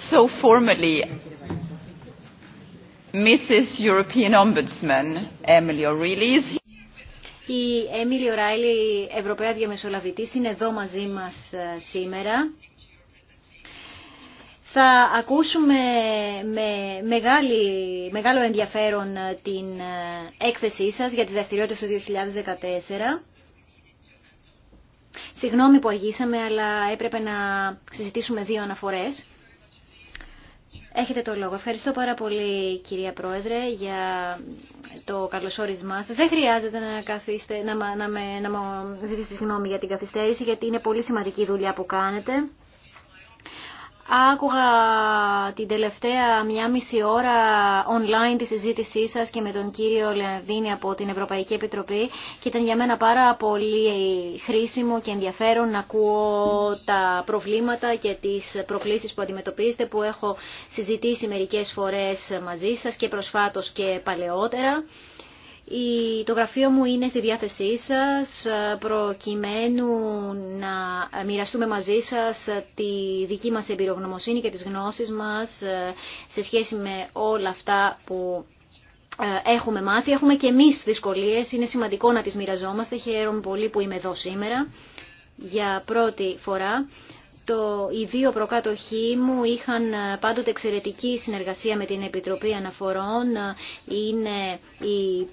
So formally, Mrs. European Ombudsman Emily O'Reilly is η Έμιλι Ράιλι, Ευρωπαία Διαμεσολαβητής, είναι εδώ μαζί μας ε, σήμερα. Θα ακούσουμε με μεγάλη, μεγάλο ενδιαφέρον ε, την ε, έκθεσή σας για τις δραστηριότητες του 2014. Συγγνώμη που αργήσαμε, αλλά έπρεπε να συζητήσουμε δύο αναφορές. Έχετε το λόγο. Ευχαριστώ πάρα πολύ κυρία Πρόεδρε για το καλωσόρισμά σας. Δεν χρειάζεται να, καθίστε, να, να, με, να μου ζητήσετε συγγνώμη για την καθυστέρηση γιατί είναι πολύ σημαντική η δουλειά που κάνετε. Άκουγα την τελευταία μία μισή ώρα online τη συζήτησή σας και με τον κύριο Λεανδίνη από την Ευρωπαϊκή Επιτροπή και ήταν για μένα πάρα πολύ χρήσιμο και ενδιαφέρον να ακούω τα προβλήματα και τις προκλήσεις που αντιμετωπίζετε που έχω συζητήσει μερικές φορές μαζί σας και προσφάτως και παλαιότερα. Το γραφείο μου είναι στη διάθεσή σας προκειμένου να μοιραστούμε μαζί σας τη δική μας εμπειρογνωμοσύνη και τις γνώσεις μας ε, σε σχέση με όλα αυτά που ε, έχουμε μάθει. Έχουμε και εμείς δυσκολίες, είναι σημαντικό να τις μοιραζόμαστε. Χαίρομαι πολύ που είμαι εδώ σήμερα για πρώτη φορά. Το, οι δύο προκάτοχοί μου είχαν ε, πάντοτε εξαιρετική συνεργασία με την Επιτροπή Αναφορών. Είναι η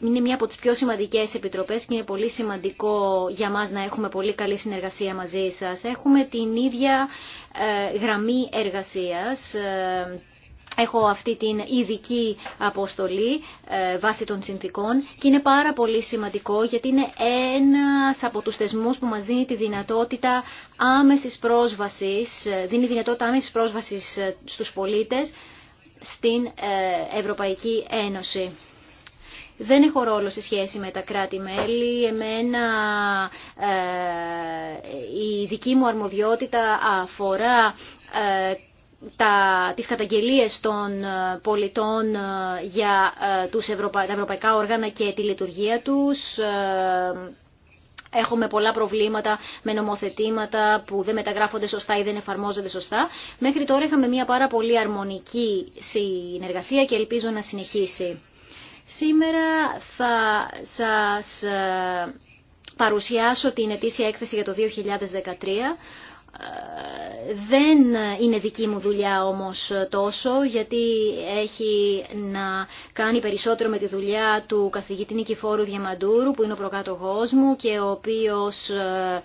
είναι μια από τις πιο σημαντικές επιτροπές και είναι πολύ σημαντικό για μας να έχουμε πολύ καλή συνεργασία μαζί σας. Έχουμε την ίδια ε, γραμμή εργασίας. Ε, έχω αυτή την ειδική αποστολή ε, βάσει των συνθήκων και είναι πάρα πολύ σημαντικό γιατί είναι ένας από τους θεσμούς που μας δίνει τη δυνατότητα άμεσης πρόσβασης, δίνει δυνατότητα άμεσης πρόσβασης στους πολίτες στην Ευρωπαϊκή Ένωση δεν έχω ρόλο σε σχέση με τα κράτη-μέλη. Εμένα ε, η δική μου αρμοδιότητα αφορά ε, τα, τις καταγγελίες των ε, πολιτών για τους τα ευρωπαϊκά όργανα και τη λειτουργία τους. Έχουμε πολλά προβλήματα με νομοθετήματα που δεν μεταγράφονται σωστά ή δεν εφαρμόζονται σωστά. Μέχρι τώρα είχαμε μια πάρα πολύ αρμονική συνεργασία και ελπίζω να συνεχίσει. Σήμερα θα σας ε, παρουσιάσω την ετήσια έκθεση για το 2013. Ε, δεν είναι δική μου δουλειά όμως τόσο, γιατί έχει να κάνει περισσότερο με τη δουλειά του καθηγητή Νικηφόρου Διαμαντούρου, που είναι ο προκάτογός μου και ο οποίος ε,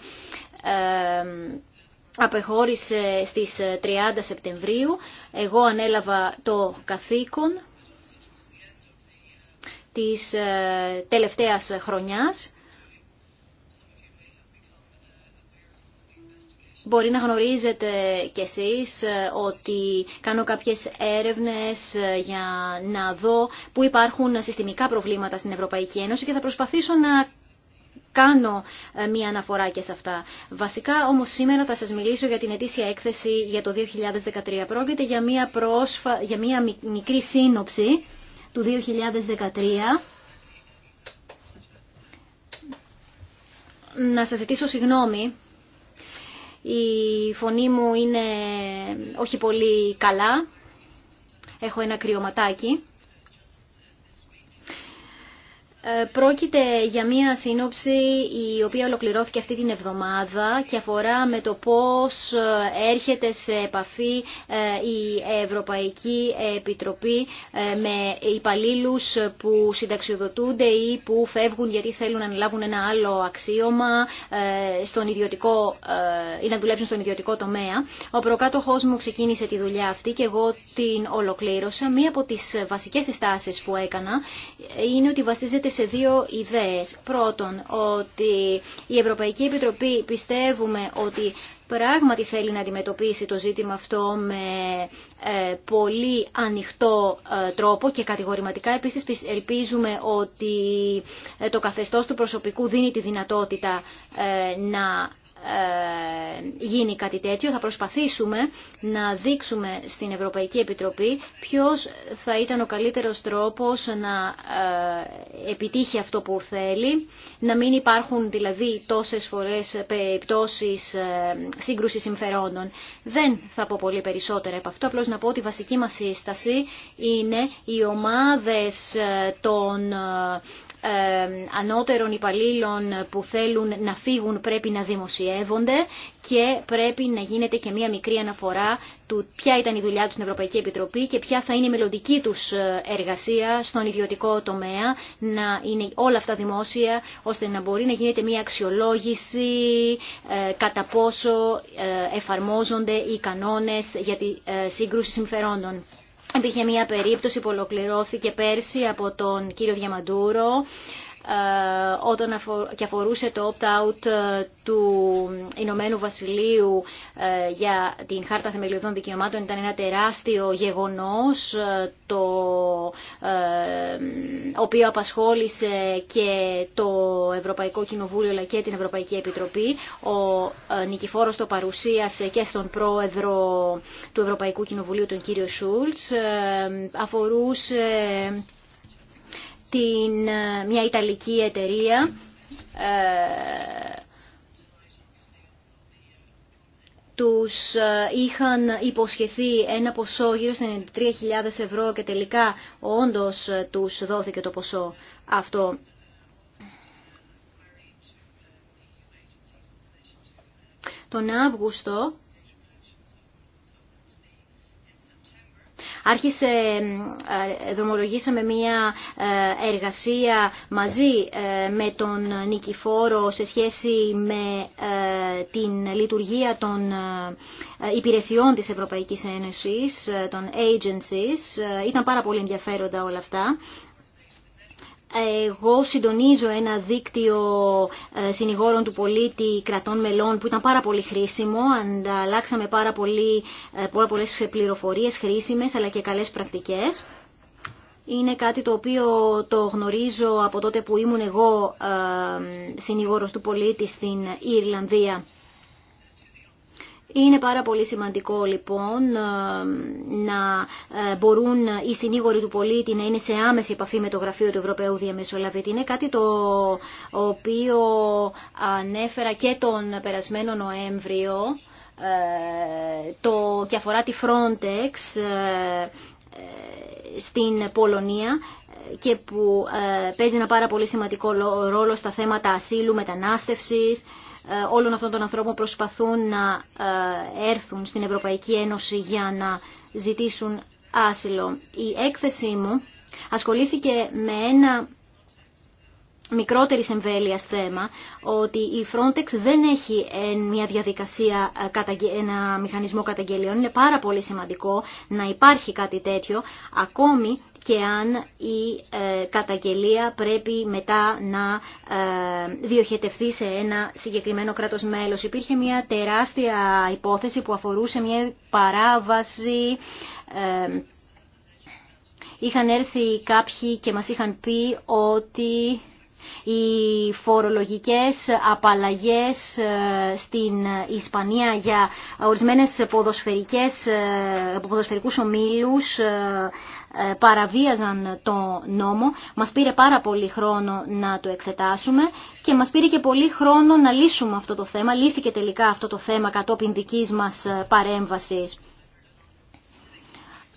απεχώρησε στις 30 Σεπτεμβρίου. Εγώ ανέλαβα το καθήκον της ε, τελευταίας χρονιάς. Μπορεί να γνωρίζετε κι εσείς ε, ότι κάνω κάποιες έρευνες ε, για να δω που υπάρχουν συστημικά προβλήματα στην Ευρωπαϊκή Ένωση και θα προσπαθήσω να κάνω μία αναφορά και σε αυτά. Βασικά όμως σήμερα θα σας μιλήσω για την ετήσια έκθεση για το 2013. Πρόκειται για μία, πρόσφα... για μία μικρή σύνοψη του 2013. Να σας ζητήσω συγγνώμη. Η φωνή μου είναι όχι πολύ καλά. Έχω ένα κρυωματάκι. Ε, πρόκειται για μία σύνοψη η οποία ολοκληρώθηκε αυτή την εβδομάδα και αφορά με το πώς ε, έρχεται σε επαφή ε, η Ευρωπαϊκή Επιτροπή με υπαλλήλου που συνταξιοδοτούνται ή που φεύγουν γιατί θέλουν να λάβουν ένα άλλο αξίωμα στον ιδιωτικό, ή να δουλέψουν στον ιδιωτικό τομέα. Ο προκάτοχός μου ξεκίνησε τη δουλειά αυτή και εγώ την ολοκλήρωσα. Μία από τις βασικές συστάσεις που έκανα είναι ότι βασίζεται σε δύο ιδέες. Πρώτον, ότι η Ευρωπαϊκή Επιτροπή πιστεύουμε ότι πράγματι θέλει να αντιμετωπίσει το ζήτημα αυτό με ε, πολύ ανοιχτό ε, τρόπο και κατηγορηματικά. Επίσης ελπίζουμε ότι ε, το καθεστώς του προσωπικού δίνει τη δυνατότητα να ε, γίνει κάτι τέτοιο. Θα προσπαθήσουμε να δείξουμε στην Ευρωπαϊκή Επιτροπή ποιος θα ήταν ο καλύτερος τρόπος να ε, επιτύχει αυτό που θέλει, να μην υπάρχουν δηλαδή τόσες φορές περιπτώσεις ε, σύγκρουσης συμφερόντων. Δεν θα πω πολύ περισσότερα από αυτό, απλώς να πω ότι η βασική μας σύσταση είναι οι ομάδες των ανώτερων υπαλλήλων που θέλουν να φύγουν πρέπει να δημοσιεύονται και πρέπει να γίνεται και μία μικρή αναφορά του ποια ήταν η δουλειά του στην Ευρωπαϊκή Επιτροπή και ποια θα είναι η μελλοντική του ε, εργασία στον ιδιωτικό τομέα, να είναι όλα αυτά δημόσια, ώστε να μπορεί να γίνεται μία αξιολόγηση ε, κατά πόσο ε, εφαρμόζονται οι κανόνες για τη σύγκρουση συμφερόντων. Υπήρχε μια περίπτωση που ολοκληρώθηκε πέρσι από τον κύριο Διαμαντούρο ε, όταν και αφορούσε το opt-out ε, του Ηνωμένου Βασιλείου ε, για την Χάρτα Θεμελιωδών Δικαιωμάτων ήταν ένα τεράστιο γεγονός το οποίο απασχόλησε και το Ευρωπαϊκό Κοινοβούλιο αλλά και την Ευρωπαϊκή Επιτροπή. Ο Νικηφόρος το παρουσίασε και στον πρόεδρο του Ευρωπαϊκού Κοινοβουλίου τον κύριο Σούλτς. Αφορούσε την, ε, μια Ιταλική εταιρεία ε, τους ε, είχαν υποσχεθεί ένα ποσό γύρω στα 93.000 ευρώ και τελικά όντως τους δόθηκε το ποσό αυτό. Τον Αύγουστο Άρχισε, ε, ε, δρομολογήσαμε μία ε, εργασία μαζί με τον Νικηφόρο σε σχέση με την λειτουργία των υπηρεσιών της Ευρωπαϊκής Ένωσης, των agencies. Ήταν πάρα πολύ ενδιαφέροντα όλα αυτά. Εγώ συντονίζω ένα δίκτυο ε, συνηγόρων του πολίτη κρατών μελών που ήταν πάρα πολύ χρήσιμο. Ανταλλάξαμε πάρα, πολύ, ε, πάρα πολλές πληροφορίες χρήσιμες αλλά και καλές πρακτικές. Είναι κάτι το οποίο το γνωρίζω από τότε που ήμουν εγώ ε, συνηγόρος του πολίτη στην Ιρλανδία. Είναι πάρα πολύ σημαντικό λοιπόν ε, να ε, μπορούν οι συνήγοροι του πολίτη να είναι σε άμεση επαφή με το γραφείο του Ευρωπαίου Διαμεσολαβητή. Είναι κάτι το οποίο ανέφερα και τον περασμένο Νοέμβριο ε, το, και αφορά τη Frontex στην Πολωνία και που παίζει ένα πάρα πολύ σημαντικό ρόλο στα θέματα ασύλου, μετανάστευσης ε, όλων αυτών των ανθρώπων προσπαθούν να ε, έρθουν στην Ευρωπαϊκή Ένωση για να ζητήσουν άσυλο. Η έκθεσή μου ασχολήθηκε με ένα μικρότερης εμβέλειας θέμα ότι η Frontex δεν έχει μια διαδικασία, ε, ένα μηχανισμό καταγγελιών. Είναι πάρα πολύ σημαντικό να υπάρχει κάτι τέτοιο, ακόμη και αν η ε, καταγγελία πρέπει μετά να ε, διοχετευτεί σε ένα συγκεκριμένο κράτος μέλος. Υπήρχε μια τεράστια υπόθεση που αφορούσε μια παράβαση Είχαν έρθει κάποιοι και μας είχαν πει ότι οι φορολογικές απαλλαγές ε, στην Ισπανία για ορισμένες ποδοσφαιρικές, ε, ποδοσφαιρικούς ομίλους ε, παραβίαζαν το νόμο. Μας πήρε πάρα πολύ χρόνο να το εξετάσουμε και μας πήρε και πολύ χρόνο να λύσουμε αυτό το θέμα. Λύθηκε τελικά αυτό το θέμα κατόπιν δικής μας παρέμβασης.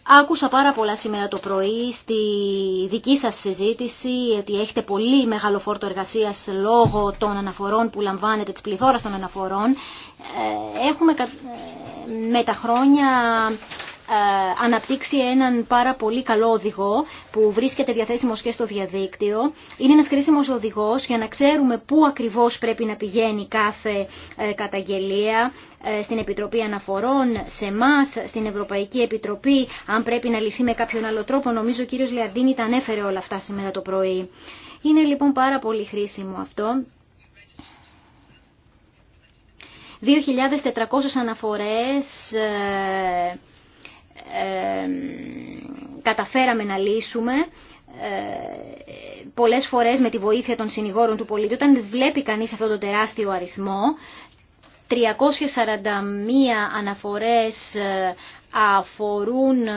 Άκουσα πάρα πολλά σήμερα το πρωί στη δική σας συζήτηση ότι έχετε πολύ μεγάλο φόρτο εργασίας λόγω των αναφορών που λαμβάνετε, της πληθώρας των αναφορών. Ε, έχουμε ε, με τα χρόνια ε, αναπτύξει έναν πάρα πολύ καλό οδηγό που βρίσκεται διαθέσιμος και στο διαδίκτυο. Είναι ένας χρήσιμος οδηγός για να ξέρουμε πού ακριβώς πρέπει να πηγαίνει κάθε ε, καταγγελία ε, στην Επιτροπή Αναφορών, σε εμά, στην Ευρωπαϊκή Επιτροπή, αν πρέπει να λυθεί με κάποιον άλλο τρόπο. Νομίζω ο κύριος Λιαντίνη τα ανέφερε όλα αυτά σήμερα το πρωί. Είναι λοιπόν πάρα πολύ χρήσιμο αυτό. 2.400 αναφορές καταφέραμε να λύσουμε ε, πολλές φορές με τη βοήθεια των συνηγόρων του πολίτη. Όταν βλέπει κανείς αυτό το τεράστιο αριθμό, 341 αναφορές ε, αφορούν ε,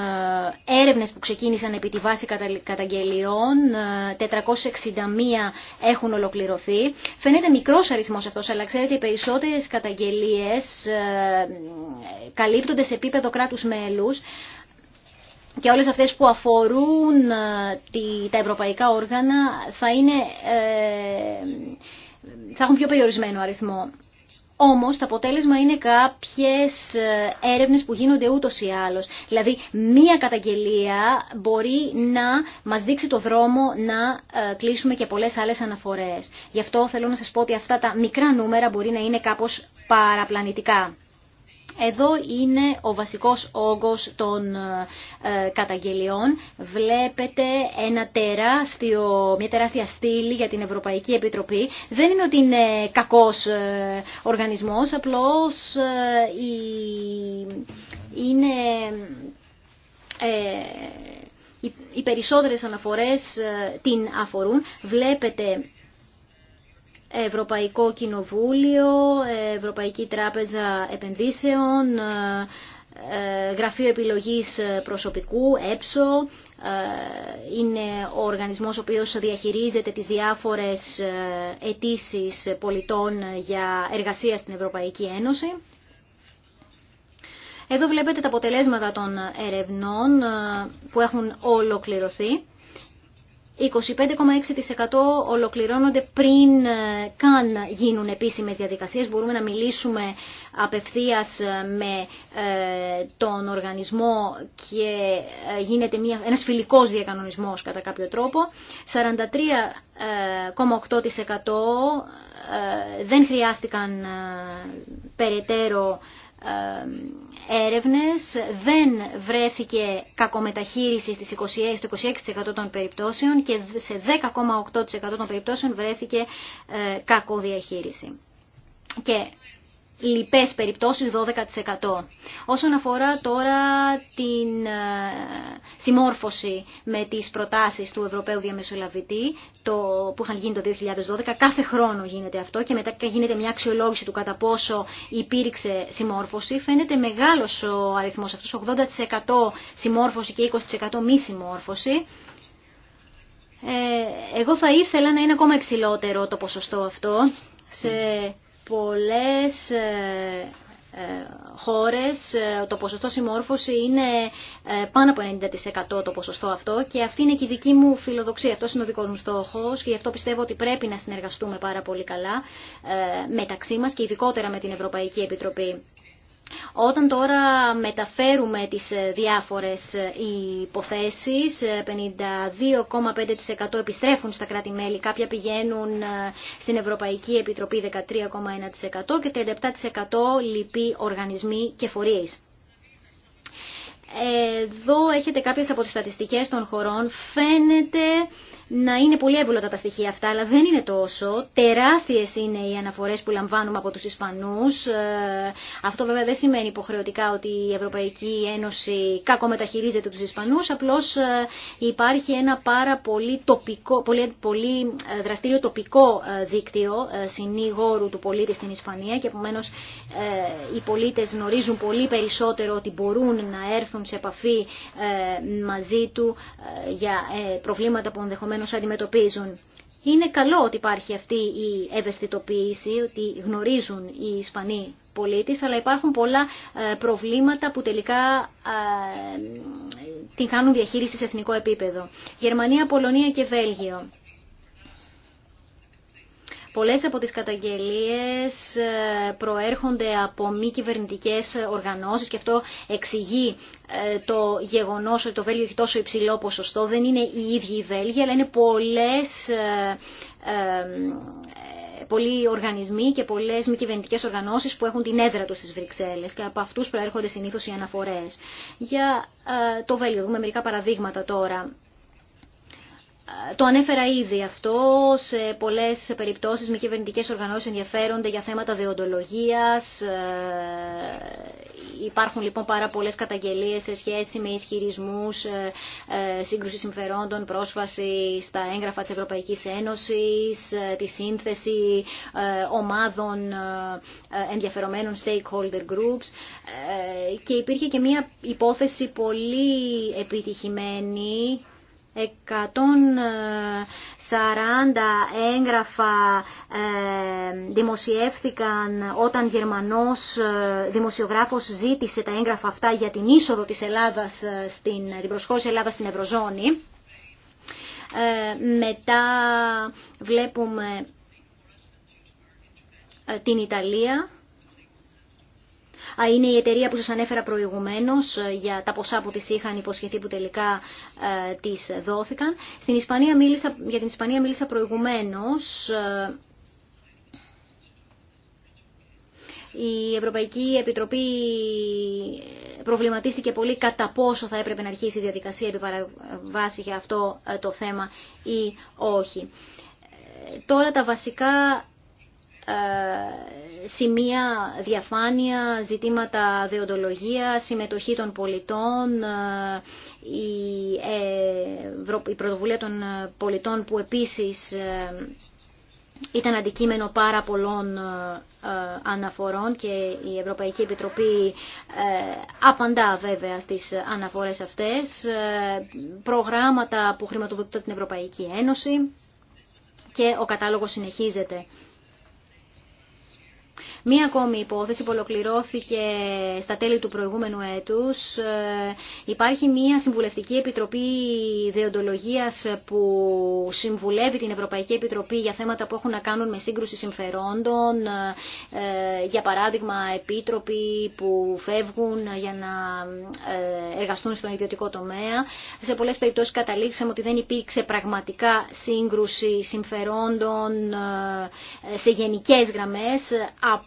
έρευνες που ξεκίνησαν επί τη βάση καταγγελιών, 461 ε, έχουν ολοκληρωθεί. Φαίνεται μικρός αριθμός αυτός, αλλά ξέρετε οι περισσότερες καταγγελίες ε, καλύπτονται σε επίπεδο κράτους μέλους, και όλες αυτές που αφορούν τα ευρωπαϊκά όργανα θα, είναι, θα έχουν πιο περιορισμένο αριθμό. Όμως το αποτέλεσμα είναι κάποιες ε, έρευνες που γίνονται ούτως ή άλλως. Δηλαδή μία καταγγελία μπορεί να μας δείξει το δρόμο να ε, κλείσουμε και πολλές άλλες αναφορές. Γι' αυτό θέλω να σας πω ότι αυτά τα μικρά νούμερα μπορεί να είναι κάπως παραπλανητικά. Εδώ είναι ο βασικός όγκος των ε, καταγγελιών. Βλέπετε ένα τεράστιο, μια τεράστια στήλη για την Ευρωπαϊκή Επιτροπή. Δεν είναι ότι είναι κακός ε, οργανισμός, απλώς ε, είναι... Οι περισσότερες αναφορές την αφορούν. Βλέπετε Ευρωπαϊκό Κοινοβούλιο, Ευρωπαϊκή Τράπεζα Επενδύσεων, ε, Γραφείο Επιλογής Προσωπικού, ΕΠΣΟ, ε, είναι ο οργανισμός ο οποίος διαχειρίζεται τις διάφορες ε, αιτήσει πολιτών για εργασία στην Ευρωπαϊκή Ένωση. Εδώ βλέπετε τα αποτελέσματα των ερευνών που έχουν ολοκληρωθεί. 25,6% ολοκληρώνονται πριν ε, καν γίνουν επίσημες διαδικασίες. Μπορούμε να μιλήσουμε απευθείας ε, με ε, τον οργανισμό και γίνεται μια, ένας φιλικός διακανονισμός κατά κάποιο τρόπο. 43,8% δεν χρειάστηκαν περαιτέρω ε, έρευνες δεν βρέθηκε κακομεταχείριση στις 26, 26% των περιπτώσεων και σε 10,8% των περιπτώσεων βρέθηκε ε, κακοδιαχείριση. Και λοιπές περιπτώσεις 12%. Όσον αφορά τώρα την ε, συμμόρφωση με τις προτάσεις του Ευρωπαίου Διαμεσολαβητή το, που είχαν γίνει το 2012, κάθε χρόνο γίνεται αυτό και μετά γίνεται μια αξιολόγηση του κατά πόσο υπήρξε συμμόρφωση. Φαίνεται μεγάλος ο αριθμός αυτός, 80% συμμόρφωση και 20% μη συμμόρφωση. Ε, εγώ θα ήθελα να είναι ακόμα υψηλότερο το ποσοστό αυτό σε πολλές ε, ε, χώρες ε, το ποσοστό συμμόρφωση είναι πάνω από 90% το ποσοστό αυτό και αυτή είναι και η δική μου φιλοδοξία, αυτό είναι ο δικός μου στόχος και γι' αυτό πιστεύω ότι πρέπει να συνεργαστούμε πάρα πολύ καλά μεταξύ μας και ειδικότερα με την Ευρωπαϊκή Επιτροπή. Όταν τώρα μεταφέρουμε τις ε, διάφορες ε, υποθέσεις, 52,5% ε, επιστρέφουν στα κράτη-μέλη, κάποια πηγαίνουν στην Ευρωπαϊκή Επιτροπή 13,1% και 37% λυπεί οργανισμοί και φορείς. Εδώ έχετε κάποιες από τις στατιστικές των χωρών. Φαίνεται να είναι πολύ εύβολα τα στοιχεία αυτά, αλλά δεν είναι τόσο. Τεράστιες είναι οι αναφορές που λαμβάνουμε από τους Ισπανούς. Ε, αυτό βέβαια δεν σημαίνει υποχρεωτικά ότι η Ευρωπαϊκή Ένωση κακομεταχειρίζεται τους Ισπανούς, απλώς ε, υπάρχει ένα πάρα πολύ, τοπικό, πολύ, πολύ ε, δραστήριο τοπικό δίκτυο συνήγορου του πολίτη στην Ισπανία και επομένως οι πολίτες γνωρίζουν πολύ περισσότερο ότι μπορούν να έρθουν έρθουν σε επαφή ε, μαζί του ε, για ε, προβλήματα που ενδεχομένως αντιμετωπίζουν. Είναι καλό ότι υπάρχει αυτή η ευαισθητοποίηση, ότι γνωρίζουν οι Ισπανοί πολίτες, αλλά υπάρχουν πολλά προβλήματα που τελικά την κάνουν διαχείριση σε εθνικό επίπεδο. Γερμανία, Πολωνία και Βέλγιο. Πολλές από τις καταγγελίες ε, προέρχονται από μη κυβερνητικέ οργανώσεις και αυτό εξηγεί ε, το γεγονός ότι το Βέλγιο έχει τόσο υψηλό ποσοστό. Δεν είναι οι ίδιοι οι Βέλγοι, αλλά είναι πολλές ε, πολλοί οργανισμοί και πολλέ μη κυβερνητικέ οργανώσει που έχουν την έδρα του στι Βρυξέλλε και από αυτού προέρχονται συνήθω οι αναφορέ. Για το Βέλγιο, δούμε μερικά παραδείγματα τώρα το ανέφερα ήδη αυτό, σε πολλέ περιπτώσεις μη κυβερνητικέ οργανώσει ενδιαφέρονται για θέματα δεοντολογίας. Ε, υπάρχουν λοιπόν πάρα πολλές καταγγελίες σε σχέση με ισχυρισμούς ε, ε, σύγκρουση συμφερόντων, πρόσβαση στα έγγραφα της Ευρωπαϊκής Ένωσης, τη σύνθεση ομάδων ενδιαφερομένων stakeholder groups και υπήρχε και μια υπόθεση πολύ επιτυχημένη 140 έγγραφα ε, δημοσιεύθηκαν όταν Γερμανός ε, δημοσιογράφος ζήτησε τα έγγραφα αυτά για την είσοδο της Ελλάδας, ε, στην, την προσχώρηση Ελλάδας στην Ευρωζώνη. μετά βλέπουμε την Ιταλία είναι η εταιρεία που σας ανέφερα προηγουμένως ε, για τα ποσά που τις είχαν υποσχεθεί που τελικά ε, τις δόθηκαν. Στην Ισπανία μίλησα, για την Ισπανία μίλησα προηγουμένως. Ε, η Ευρωπαϊκή Επιτροπή προβληματίστηκε πολύ κατά πόσο θα έπρεπε να αρχίσει η διαδικασία παραβάση για αυτό το θέμα ή όχι. Τώρα τα βασικά ε, σημεία διαφάνεια, ζητήματα δεοντολογία, συμμετοχή των πολιτών, ε, ε, η πρωτοβουλία των πολιτών που επίσης ήταν αντικείμενο πάρα πολλών αναφορών και η Ευρωπαϊκή Επιτροπή απαντά βέβαια στις αναφορές αυτές, προγράμματα που χρηματοδοτούν την Ευρωπαϊκή Ένωση και ο κατάλογος συνεχίζεται. Μία ακόμη υπόθεση που ολοκληρώθηκε στα τέλη του προηγούμενου έτους. Ε, υπάρχει μία συμβουλευτική επιτροπή δεοντολογίας που συμβουλεύει την Ευρωπαϊκή Επιτροπή για θέματα που έχουν να κάνουν με σύγκρουση συμφερόντων. Ε, για παράδειγμα, επίτροποι που φεύγουν για να ε, εργαστούν στον ιδιωτικό τομέα. Σε πολλές περιπτώσεις καταλήξαμε ότι δεν υπήρξε πραγματικά σύγκρουση συμφερόντων σε γενικές γραμμές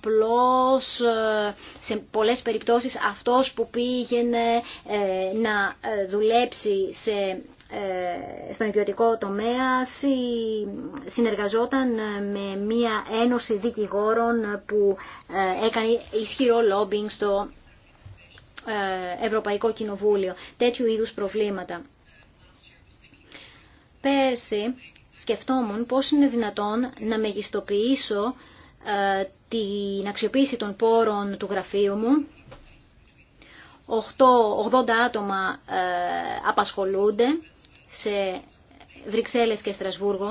απλώς ε, σε πολλές περιπτώσεις αυτός που πήγαινε ε, να ε, δουλέψει σε στον ιδιωτικό τομέα συνεργαζόταν με μια ένωση δικηγόρων που έκανε ισχυρό λόμπινγκ στο Ευρωπαϊκό Κοινοβούλιο. Τέτοιου είδους προβλήματα. Πέρσι σκεφτόμουν πώς είναι δυνατόν να μεγιστοποιήσω ε, την αξιοποίηση των πόρων του γραφείου μου. 80 άτομα ε, απασχολούνται σε Βρυξέλλες και Στρασβούργο.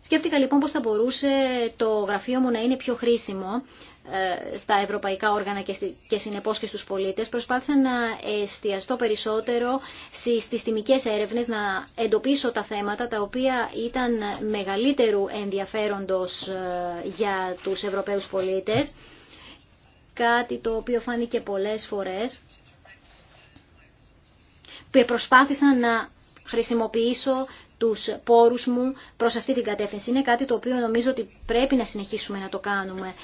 Σκέφτηκα λοιπόν πώς θα μπορούσε το γραφείο μου να είναι πιο χρήσιμο ε, στα ευρωπαϊκά όργανα και συνεπώς και στους πολίτες. Προσπάθησα να εστιαστώ περισσότερο στις τιμικές έρευνες, να εντοπίσω τα θέματα τα οποία ήταν μεγαλύτερου ενδιαφέροντος ε, για τους ευρωπαίους πολίτες. Κάτι το οποίο φάνηκε πολλές φορές που προσπάθησα να χρησιμοποιήσω τους πόρους μου προς αυτή την κατεύθυνση. Είναι κάτι το οποίο νομίζω ότι πρέπει να συνεχίσουμε να το κάνουμε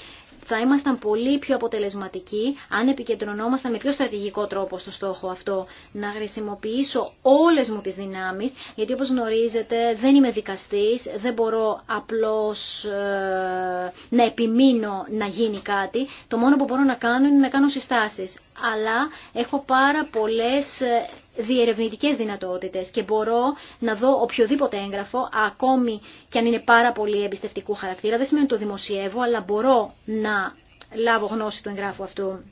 θα ήμασταν πολύ πιο αποτελεσματικοί αν επικεντρωνόμασταν με πιο στρατηγικό τρόπο στο στόχο αυτό. Να χρησιμοποιήσω όλες μου τις δυνάμεις, γιατί όπως γνωρίζετε δεν είμαι δικαστής, δεν μπορώ απλώς ε, να επιμείνω να γίνει κάτι. Το μόνο που μπορώ να κάνω είναι να κάνω συστάσεις. Αλλά έχω πάρα πολλές ε, διερευνητικές δυνατότητες και μπορώ να δω οποιοδήποτε έγγραφο, ακόμη και αν είναι πάρα πολύ εμπιστευτικού χαρακτήρα, δεν σημαίνει ότι το δημοσιεύω, αλλά μπορώ να λάβω γνώση του εγγράφου αυτού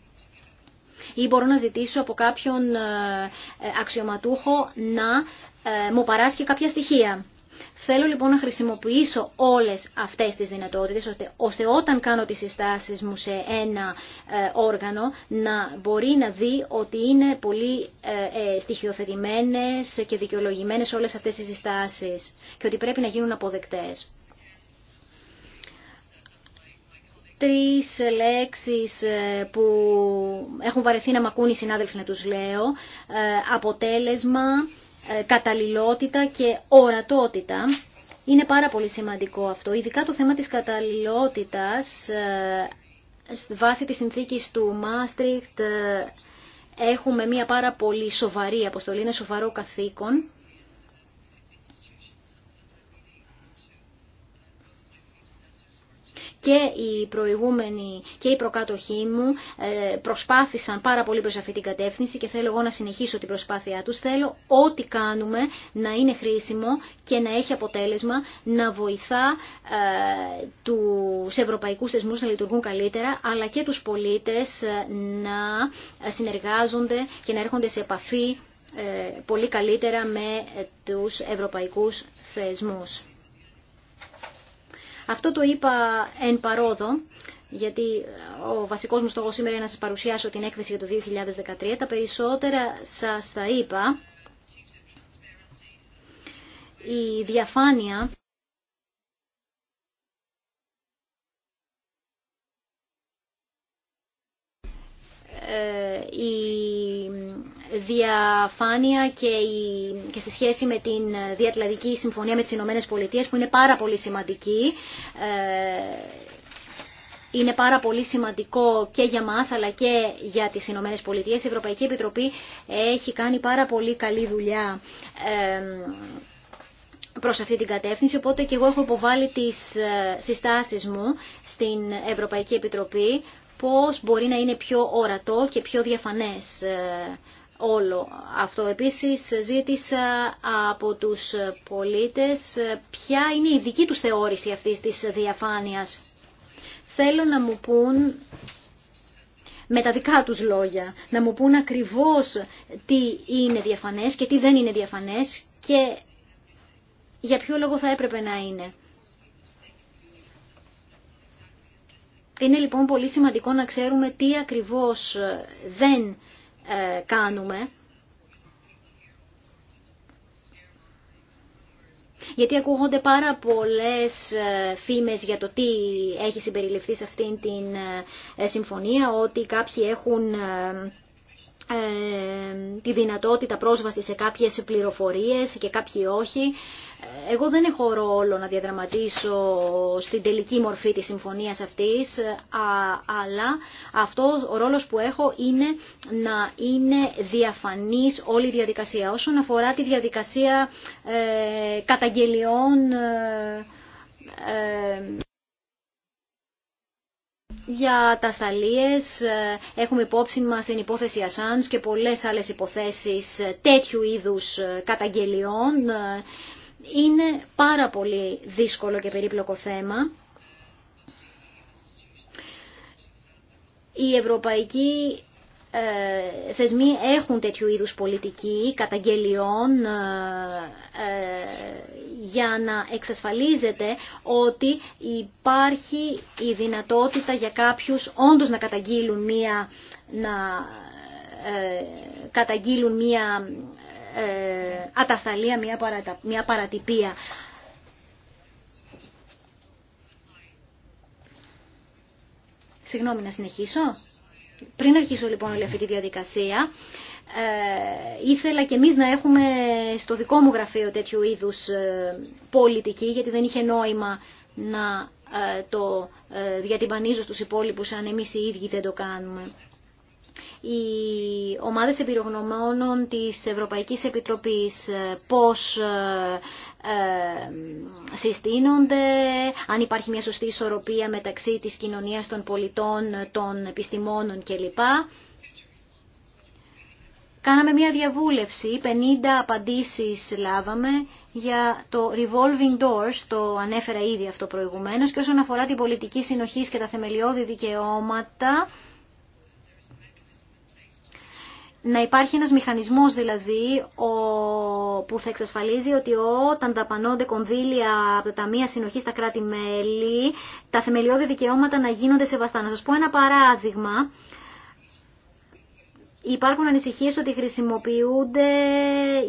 ή μπορώ να ζητήσω από κάποιον ε, ε, αξιωματούχο να ε, μου παράσχει κάποια στοιχεία. Θέλω λοιπόν να χρησιμοποιήσω όλες αυτές τις δυνατότητες, ώστε όταν κάνω τις συστάσεις μου σε ένα ε, όργανο, να μπορεί να δει ότι είναι πολύ ε, ε, στοιχειοθετημένες και δικαιολογημένες όλες αυτές τις συστάσεις και ότι πρέπει να γίνουν αποδεκτές. τρεις λέξεις που έχουν βαρεθεί να μ' ακούν οι συνάδελφοι να τους λέω. αποτέλεσμα, ε, καταλληλότητα και ορατότητα. Είναι πάρα πολύ σημαντικό αυτό, ειδικά το θέμα της καταλληλότητας ε, βάσει της συνθήκης του Μάστριχτ ε, έχουμε μια πάρα πολύ σοβαρή αποστολή, είναι σοβαρό καθήκον και οι προηγούμενοι και οι προκάτοχοί μου ε, προσπάθησαν πάρα πολύ προς αυτή την κατεύθυνση και θέλω εγώ να συνεχίσω την προσπάθειά τους. Θέλω ό,τι κάνουμε να είναι χρήσιμο και να έχει αποτέλεσμα να βοηθά ε, τους ευρωπαϊκούς θεσμούς να λειτουργούν καλύτερα αλλά και τους πολίτες ε, να συνεργάζονται και να έρχονται σε επαφή ε, πολύ καλύτερα με τους ευρωπαϊκούς θεσμούς. Αυτό το είπα εν παρόδο, γιατί ο βασικός μου στόχος σήμερα είναι να σας παρουσιάσω την έκθεση για το 2013. Τα περισσότερα σας τα είπα. Η διαφάνεια... Ε, η διαφάνεια και, η, και σε σχέση με την Διατλαντική Συμφωνία με τις Ηνωμένες Πολιτείες που είναι πάρα πολύ σημαντική. Ε, είναι πάρα πολύ σημαντικό και για μας αλλά και για τις Ηνωμένε Πολιτείες. Η Ευρωπαϊκή Επιτροπή έχει κάνει πάρα πολύ καλή δουλειά ε, προς αυτή την κατεύθυνση, οπότε και εγώ έχω υποβάλει τις ε, συστάσεις μου στην Ευρωπαϊκή Επιτροπή πώς μπορεί να είναι πιο ορατό και πιο διαφανές όλο αυτό. Επίσης ζήτησα από τους πολίτες ποια είναι η δική τους θεώρηση αυτής της διαφάνειας. Θέλω να μου πούν με τα δικά τους λόγια, να μου πούν ακριβώς τι είναι διαφανές και τι δεν είναι διαφανές και για ποιο λόγο θα έπρεπε να είναι. Είναι λοιπόν πολύ σημαντικό να ξέρουμε τι ακριβώς δεν ε, κάνουμε. γιατί ακούγονται πάρα πολλές ε, φήμες για το τι έχει συμπεριληφθεί σε αυτήν την ε, συμφωνία, ότι κάποιοι έχουν τη δυνατότητα πρόσβαση σε κάποιες πληροφορίες και κάποιοι όχι εγώ δεν έχω ρόλο να διαδραματίσω στην τελική μορφή της συμφωνίας αυτής, αλλά αυτό ο ρόλος που έχω είναι να είναι διαφανής όλη η διαδικασία. Όσον αφορά τη διαδικασία ε, καταγγελιών... Ε, ε, για τα σταλίες έχουμε υπόψη μας την υπόθεση Ασάνς και πολλές άλλες υποθέσεις τέτοιου είδους καταγγελιών είναι πάρα πολύ δύσκολο και περίπλοκο θέμα. Οι ευρωπαϊκοί ε, θεσμοί έχουν τέτοιου είδους πολιτική καταγγελιών ε, ε, για να εξασφαλίζεται ότι υπάρχει η δυνατότητα για κάποιους όντως να καταγγείλουν μία, να, ε, καταγγείλουν μία ε, ατασταλία, μια, παρατα, μια παρατυπία. Συγγνώμη, να συνεχίσω. Πριν αρχίσω λοιπόν όλη αυτή τη διαδικασία, ε, ήθελα και εμείς να έχουμε στο δικό μου γραφείο τέτοιου είδους ε, πολιτική, γιατί δεν είχε νόημα να το Διατυπανίζω στους υπόλοιπους αν εμείς οι ίδιοι δεν το κάνουμε οι ομάδες επιρρογνωμένων της Ευρωπαϊκής Επιτροπής ε, πώς ε, ε, συστήνονται, αν υπάρχει μια σωστή ισορροπία μεταξύ της κοινωνίας των πολιτών, των επιστημόνων κλπ. Κάναμε μια διαβούλευση, 50 απαντήσεις λάβαμε για το revolving doors, το ανέφερα ήδη αυτό προηγουμένως, και όσον αφορά την πολιτική συνοχής και τα θεμελιώδη δικαιώματα, να υπάρχει ένας μηχανισμός δηλαδή ο, που θα εξασφαλίζει ότι όταν ταπανώνται κονδύλια από τα ταμεία συνοχή στα κράτη-μέλη, τα θεμελιώδη δικαιώματα να γίνονται σεβαστά. Να σας πω ένα παράδειγμα. Υπάρχουν ανησυχίες ότι χρησιμοποιούνται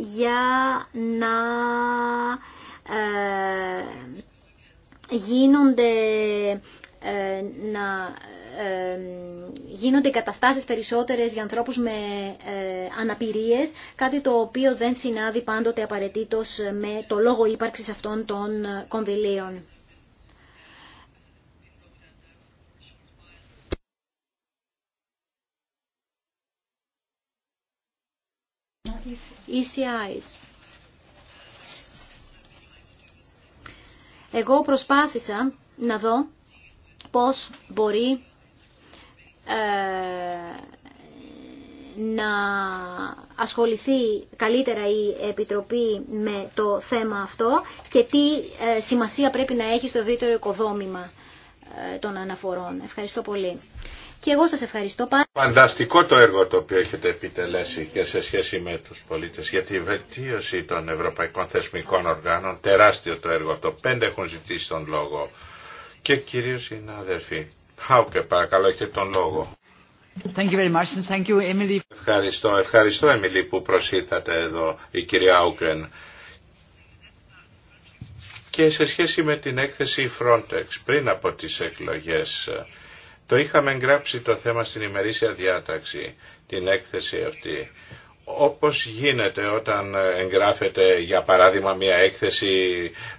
για να ε, γίνονται ε, να γίνονται καταστάσεις περισσότερες για ανθρώπους με ε, αναπηρίες, κάτι το οποίο δεν συνάδει πάντοτε απαραίτητος με το λόγο ύπαρξης αυτών των κονδυλίων. Εγώ προσπάθησα να δω πώς μπορεί ε, να ασχοληθεί καλύτερα η Επιτροπή με το θέμα αυτό και τι ε, σημασία πρέπει να έχει στο ευρύτερο οικοδόμημα ε, των αναφορών. Ευχαριστώ πολύ. Και εγώ σας ευχαριστώ πάρα Φανταστικό το έργο το οποίο έχετε επιτελέσει και σε σχέση με τους πολίτες για τη βελτίωση των ευρωπαϊκών θεσμικών οργάνων. Τεράστιο το έργο αυτό. Πέντε έχουν ζητήσει τον λόγο. Και κυρίως οι αδερφοί. Χάουκε παρακαλώ έχετε τον λόγο. Ευχαριστώ, ευχαριστώ Εμιλή που προσήλθατε εδώ η κυρία Άουκεν. Και σε σχέση με την έκθεση Frontex πριν από τις εκλογές το είχαμε εγγράψει το θέμα στην ημερήσια διάταξη, την έκθεση αυτή. Όπως γίνεται όταν εγγράφεται για παράδειγμα μια έκθεση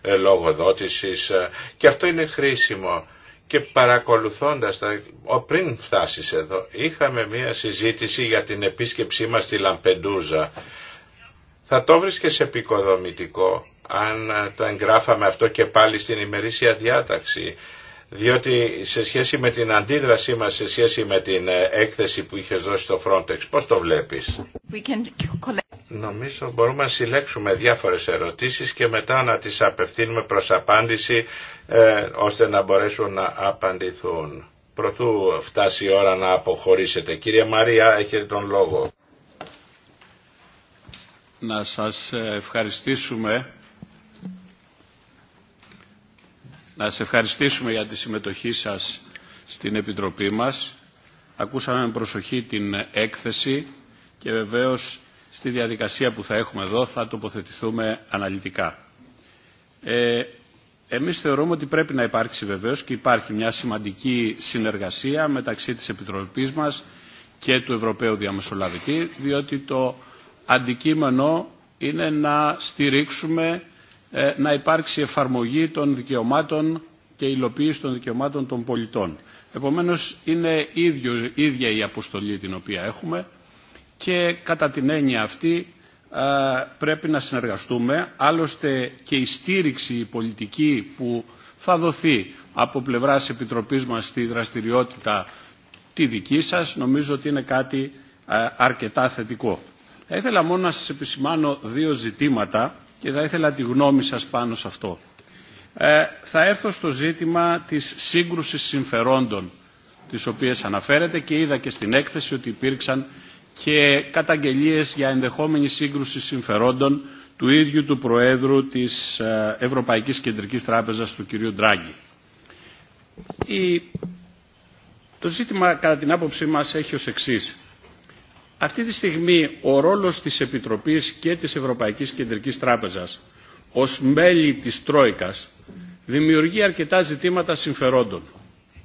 ε, λογοδότησης ε, και αυτό είναι χρήσιμο και παρακολουθώντας τα, πριν φτάσεις εδώ, είχαμε μία συζήτηση για την επίσκεψή μας στη Λαμπεντούζα. Θα το βρίσκες επικοδομητικό αν ε, το εγγράφαμε αυτό και πάλι στην ημερήσια διάταξη διότι σε σχέση με την αντίδρασή μας, σε σχέση με την ε, έκθεση που είχες δώσει στο Frontex, πώς το βλέπεις. Νομίζω μπορούμε να συλλέξουμε διάφορες ερωτήσεις και μετά να τις απευθύνουμε προς απάντηση ε, ώστε να μπορέσουν να απαντηθούν. Προτού φτάσει η ώρα να αποχωρήσετε. Κύριε Μαρία, έχετε τον λόγο. Να σας ευχαριστήσουμε να σας ευχαριστήσουμε για τη συμμετοχή σας στην Επιτροπή μας. Ακούσαμε με προσοχή την έκθεση και βεβαίως στη διαδικασία που θα έχουμε εδώ θα τοποθετηθούμε αναλυτικά. Ε, εμείς θεωρούμε ότι πρέπει να υπάρξει βεβαίως και υπάρχει μια σημαντική συνεργασία μεταξύ της Επιτροπής μας και του Ευρωπαίου Διαμεσολαβητή, διότι το αντικείμενο είναι να στηρίξουμε ε, να υπάρξει εφαρμογή των δικαιωμάτων και υλοποίηση των δικαιωμάτων των πολιτών. Επομένως, είναι ίδια η αποστολή την οποία έχουμε και κατά την έννοια αυτή πρέπει να συνεργαστούμε. Άλλωστε και η στήριξη πολιτική που θα δοθεί από πλευράς Επιτροπής μας στη δραστηριότητα τη δική σας νομίζω ότι είναι κάτι αρκετά θετικό. Θα ήθελα μόνο να σας επισημάνω δύο ζητήματα και θα ήθελα τη γνώμη σας πάνω σε αυτό. Ε, θα έρθω στο ζήτημα της σύγκρουσης συμφερόντων τις οποίες αναφέρετε και είδα και στην έκθεση ότι υπήρξαν και καταγγελίες για ενδεχόμενη σύγκρουση συμφερόντων του ίδιου του Προέδρου της ε, Ευρωπαϊκής Κεντρικής Τράπεζας του κ. Ντράγκη. Η... Το ζήτημα κατά την άποψή μας έχει ως εξής. Αυτή τη στιγμή ο ρόλος της Επιτροπής και της Ευρωπαϊκής Κεντρικής Τράπεζας ως μέλη της Τρόικας δημιουργεί αρκετά ζητήματα συμφερόντων.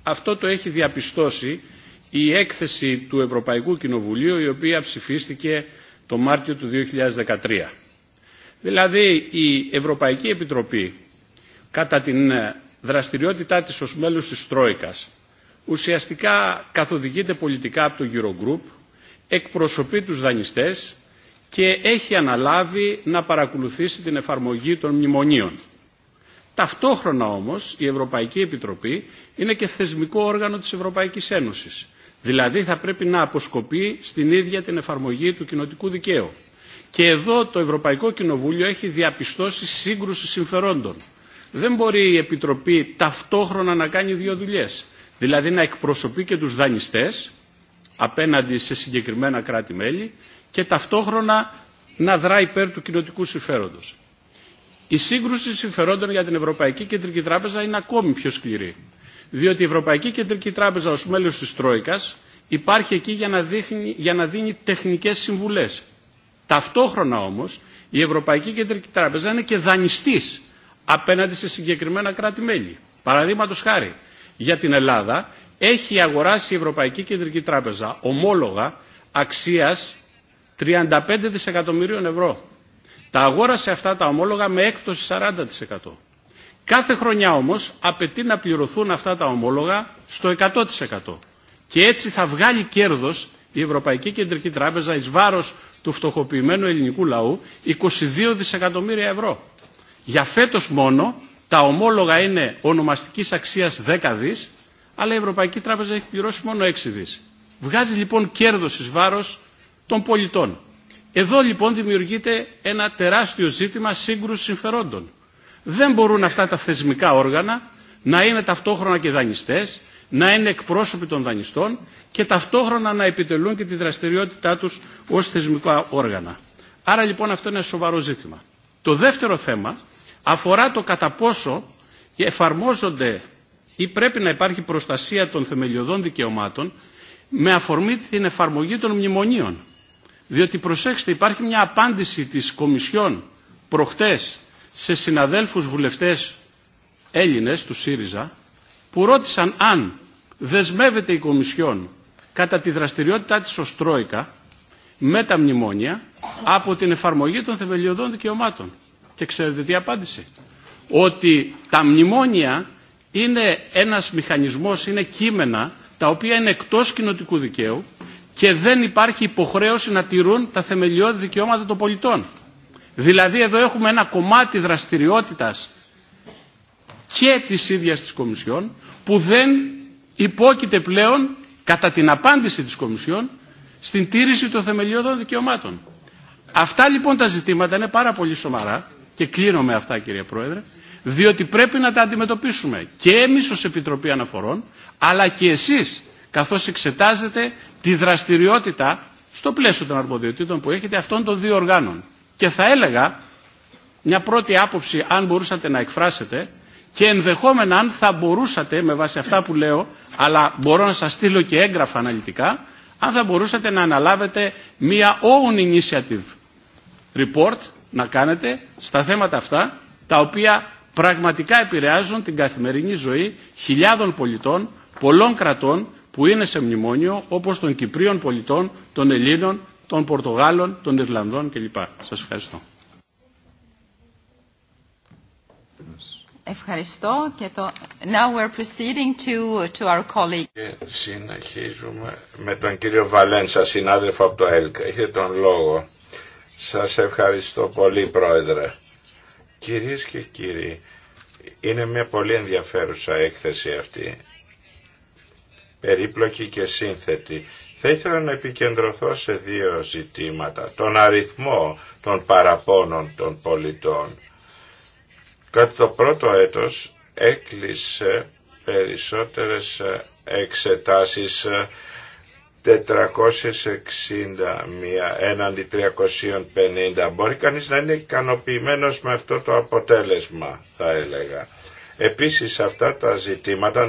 Αυτό το έχει διαπιστώσει η έκθεση του Ευρωπαϊκού Κοινοβουλίου η οποία ψηφίστηκε το Μάρτιο του 2013. Δηλαδή η Ευρωπαϊκή Επιτροπή κατά την ε, δραστηριότητά της ως μέλος της Τρόικας ουσιαστικά καθοδηγείται πολιτικά από το Eurogroup, εκπροσωπεί τους δανειστές και έχει αναλάβει να παρακολουθήσει την εφαρμογή των μνημονίων. Ταυτόχρονα όμως η Ευρωπαϊκή Επιτροπή είναι και θεσμικό όργανο της Ευρωπαϊκής Ένωσης Δηλαδή θα πρέπει να αποσκοπεί στην ίδια την εφαρμογή του κοινοτικού δικαίου. Και εδώ το Ευρωπαϊκό Κοινοβούλιο έχει διαπιστώσει σύγκρουση συμφερόντων. Δεν μπορεί η Επιτροπή ταυτόχρονα να κάνει δύο δουλειές. Δηλαδή να εκπροσωπεί και τους δανειστές απέναντι σε συγκεκριμένα κράτη-μέλη και ταυτόχρονα να δράει υπέρ του κοινοτικού συμφέροντος. Η σύγκρουση συμφερόντων για την Ευρωπαϊκή Κεντρική Τράπεζα είναι ακόμη πιο σκληρή διότι η Ευρωπαϊκή Κεντρική Τράπεζα ως μέλος της Τρόικας υπάρχει εκεί για να, δείχνει, για να δίνει τεχνικές συμβουλές. Ταυτόχρονα όμως η Ευρωπαϊκή Κεντρική Τράπεζα είναι και δανειστής απέναντι σε συγκεκριμένα κράτη-μέλη. Παραδείγματο χάρη, για την Ελλάδα έχει αγοράσει η Ευρωπαϊκή Κεντρική Τράπεζα ομόλογα αξίας 35 δισεκατομμυρίων ευρώ. Τα αγόρασε αυτά τα ομόλογα με έκπτωση 40%. Κάθε χρονιά όμως απαιτεί να πληρωθούν αυτά τα ομόλογα στο 100%. Και έτσι θα βγάλει κέρδος η Ευρωπαϊκή Κεντρική Τράπεζα εις βάρος του φτωχοποιημένου ελληνικού λαού 22 δισεκατομμύρια ευρώ. Για φέτος μόνο τα ομόλογα είναι ονομαστικής αξίας 10 δις, αλλά η Ευρωπαϊκή Τράπεζα έχει πληρώσει μόνο 6 δις. Βγάζει λοιπόν κέρδος εις βάρος των πολιτών. Εδώ λοιπόν δημιουργείται ένα τεράστιο ζήτημα σύγκρουση συμφερόντων δεν μπορούν αυτά τα θεσμικά όργανα να είναι ταυτόχρονα και δανειστές, να είναι εκπρόσωποι των δανειστών και ταυτόχρονα να επιτελούν και τη δραστηριότητά τους ως θεσμικά όργανα. Άρα λοιπόν αυτό είναι ένα σοβαρό ζήτημα. Το δεύτερο θέμα αφορά το κατά πόσο εφαρμόζονται ή πρέπει να υπάρχει προστασία των θεμελιωδών δικαιωμάτων με αφορμή την εφαρμογή των μνημονίων. Διότι προσέξτε υπάρχει μια απάντηση της Κομισιόν προχτές σε συναδέλφους βουλευτές Έλληνες του ΣΥΡΙΖΑ που ρώτησαν αν δεσμεύεται η Κομισιόν κατά τη δραστηριότητά της ως Τρόικα με τα μνημόνια από την εφαρμογή των θεμελιωδών δικαιωμάτων. Και ξέρετε τι απάντησε. Ότι τα μνημόνια είναι ένας μηχανισμός, είναι κείμενα τα οποία είναι εκτός κοινοτικού δικαίου και δεν υπάρχει υποχρέωση να τηρούν τα θεμελιώδη δικαιώματα των πολιτών. Δηλαδή εδώ έχουμε ένα κομμάτι δραστηριότητας και της ίδιας της Κομισιόν που δεν υπόκειται πλέον κατά την απάντηση της Κομισιόν στην τήρηση των θεμελιώδων δικαιωμάτων. Αυτά λοιπόν τα ζητήματα είναι πάρα πολύ σοβαρά και κλείνω με αυτά κύριε Πρόεδρε διότι πρέπει να τα αντιμετωπίσουμε και εμείς ως Επιτροπή Αναφορών αλλά και εσείς καθώς εξετάζετε τη δραστηριότητα στο πλαίσιο των αρμοδιοτήτων που έχετε αυτών των δύο οργάνων. Και θα έλεγα μια πρώτη άποψη αν μπορούσατε να εκφράσετε και ενδεχόμενα αν θα μπορούσατε με βάση αυτά που λέω αλλά μπορώ να σας στείλω και έγγραφα αναλυτικά αν θα μπορούσατε να αναλάβετε μια own initiative report να κάνετε στα θέματα αυτά τα οποία πραγματικά επηρεάζουν την καθημερινή ζωή χιλιάδων πολιτών, πολλών κρατών που είναι σε μνημόνιο όπως των Κυπρίων πολιτών, των Ελλήνων, των Πορτογάλων, των Ιρλανδών κλπ. Σας ευχαριστώ. Ευχαριστώ. Και το... Now we're proceeding to, to our colleague. Και συνεχίζουμε με τον κύριο Βαλένσα, συνάδελφο από το ΕΛΚ. Έχετε τον λόγο. Σας ευχαριστώ πολύ, Πρόεδρε. Κυρίες και κύριοι, είναι μια πολύ ενδιαφέρουσα έκθεση αυτή περίπλοκη και σύνθετη θα ήθελα να επικεντρωθώ σε δύο ζητήματα. Τον αριθμό των παραπώνων των πολιτών. Κατά το πρώτο έτος έκλεισε περισσότερες εξετάσεις 461 έναντι 350. Μπορεί κανείς να είναι ικανοποιημένος με αυτό το αποτέλεσμα θα έλεγα. Επίσης αυτά τα ζητήματα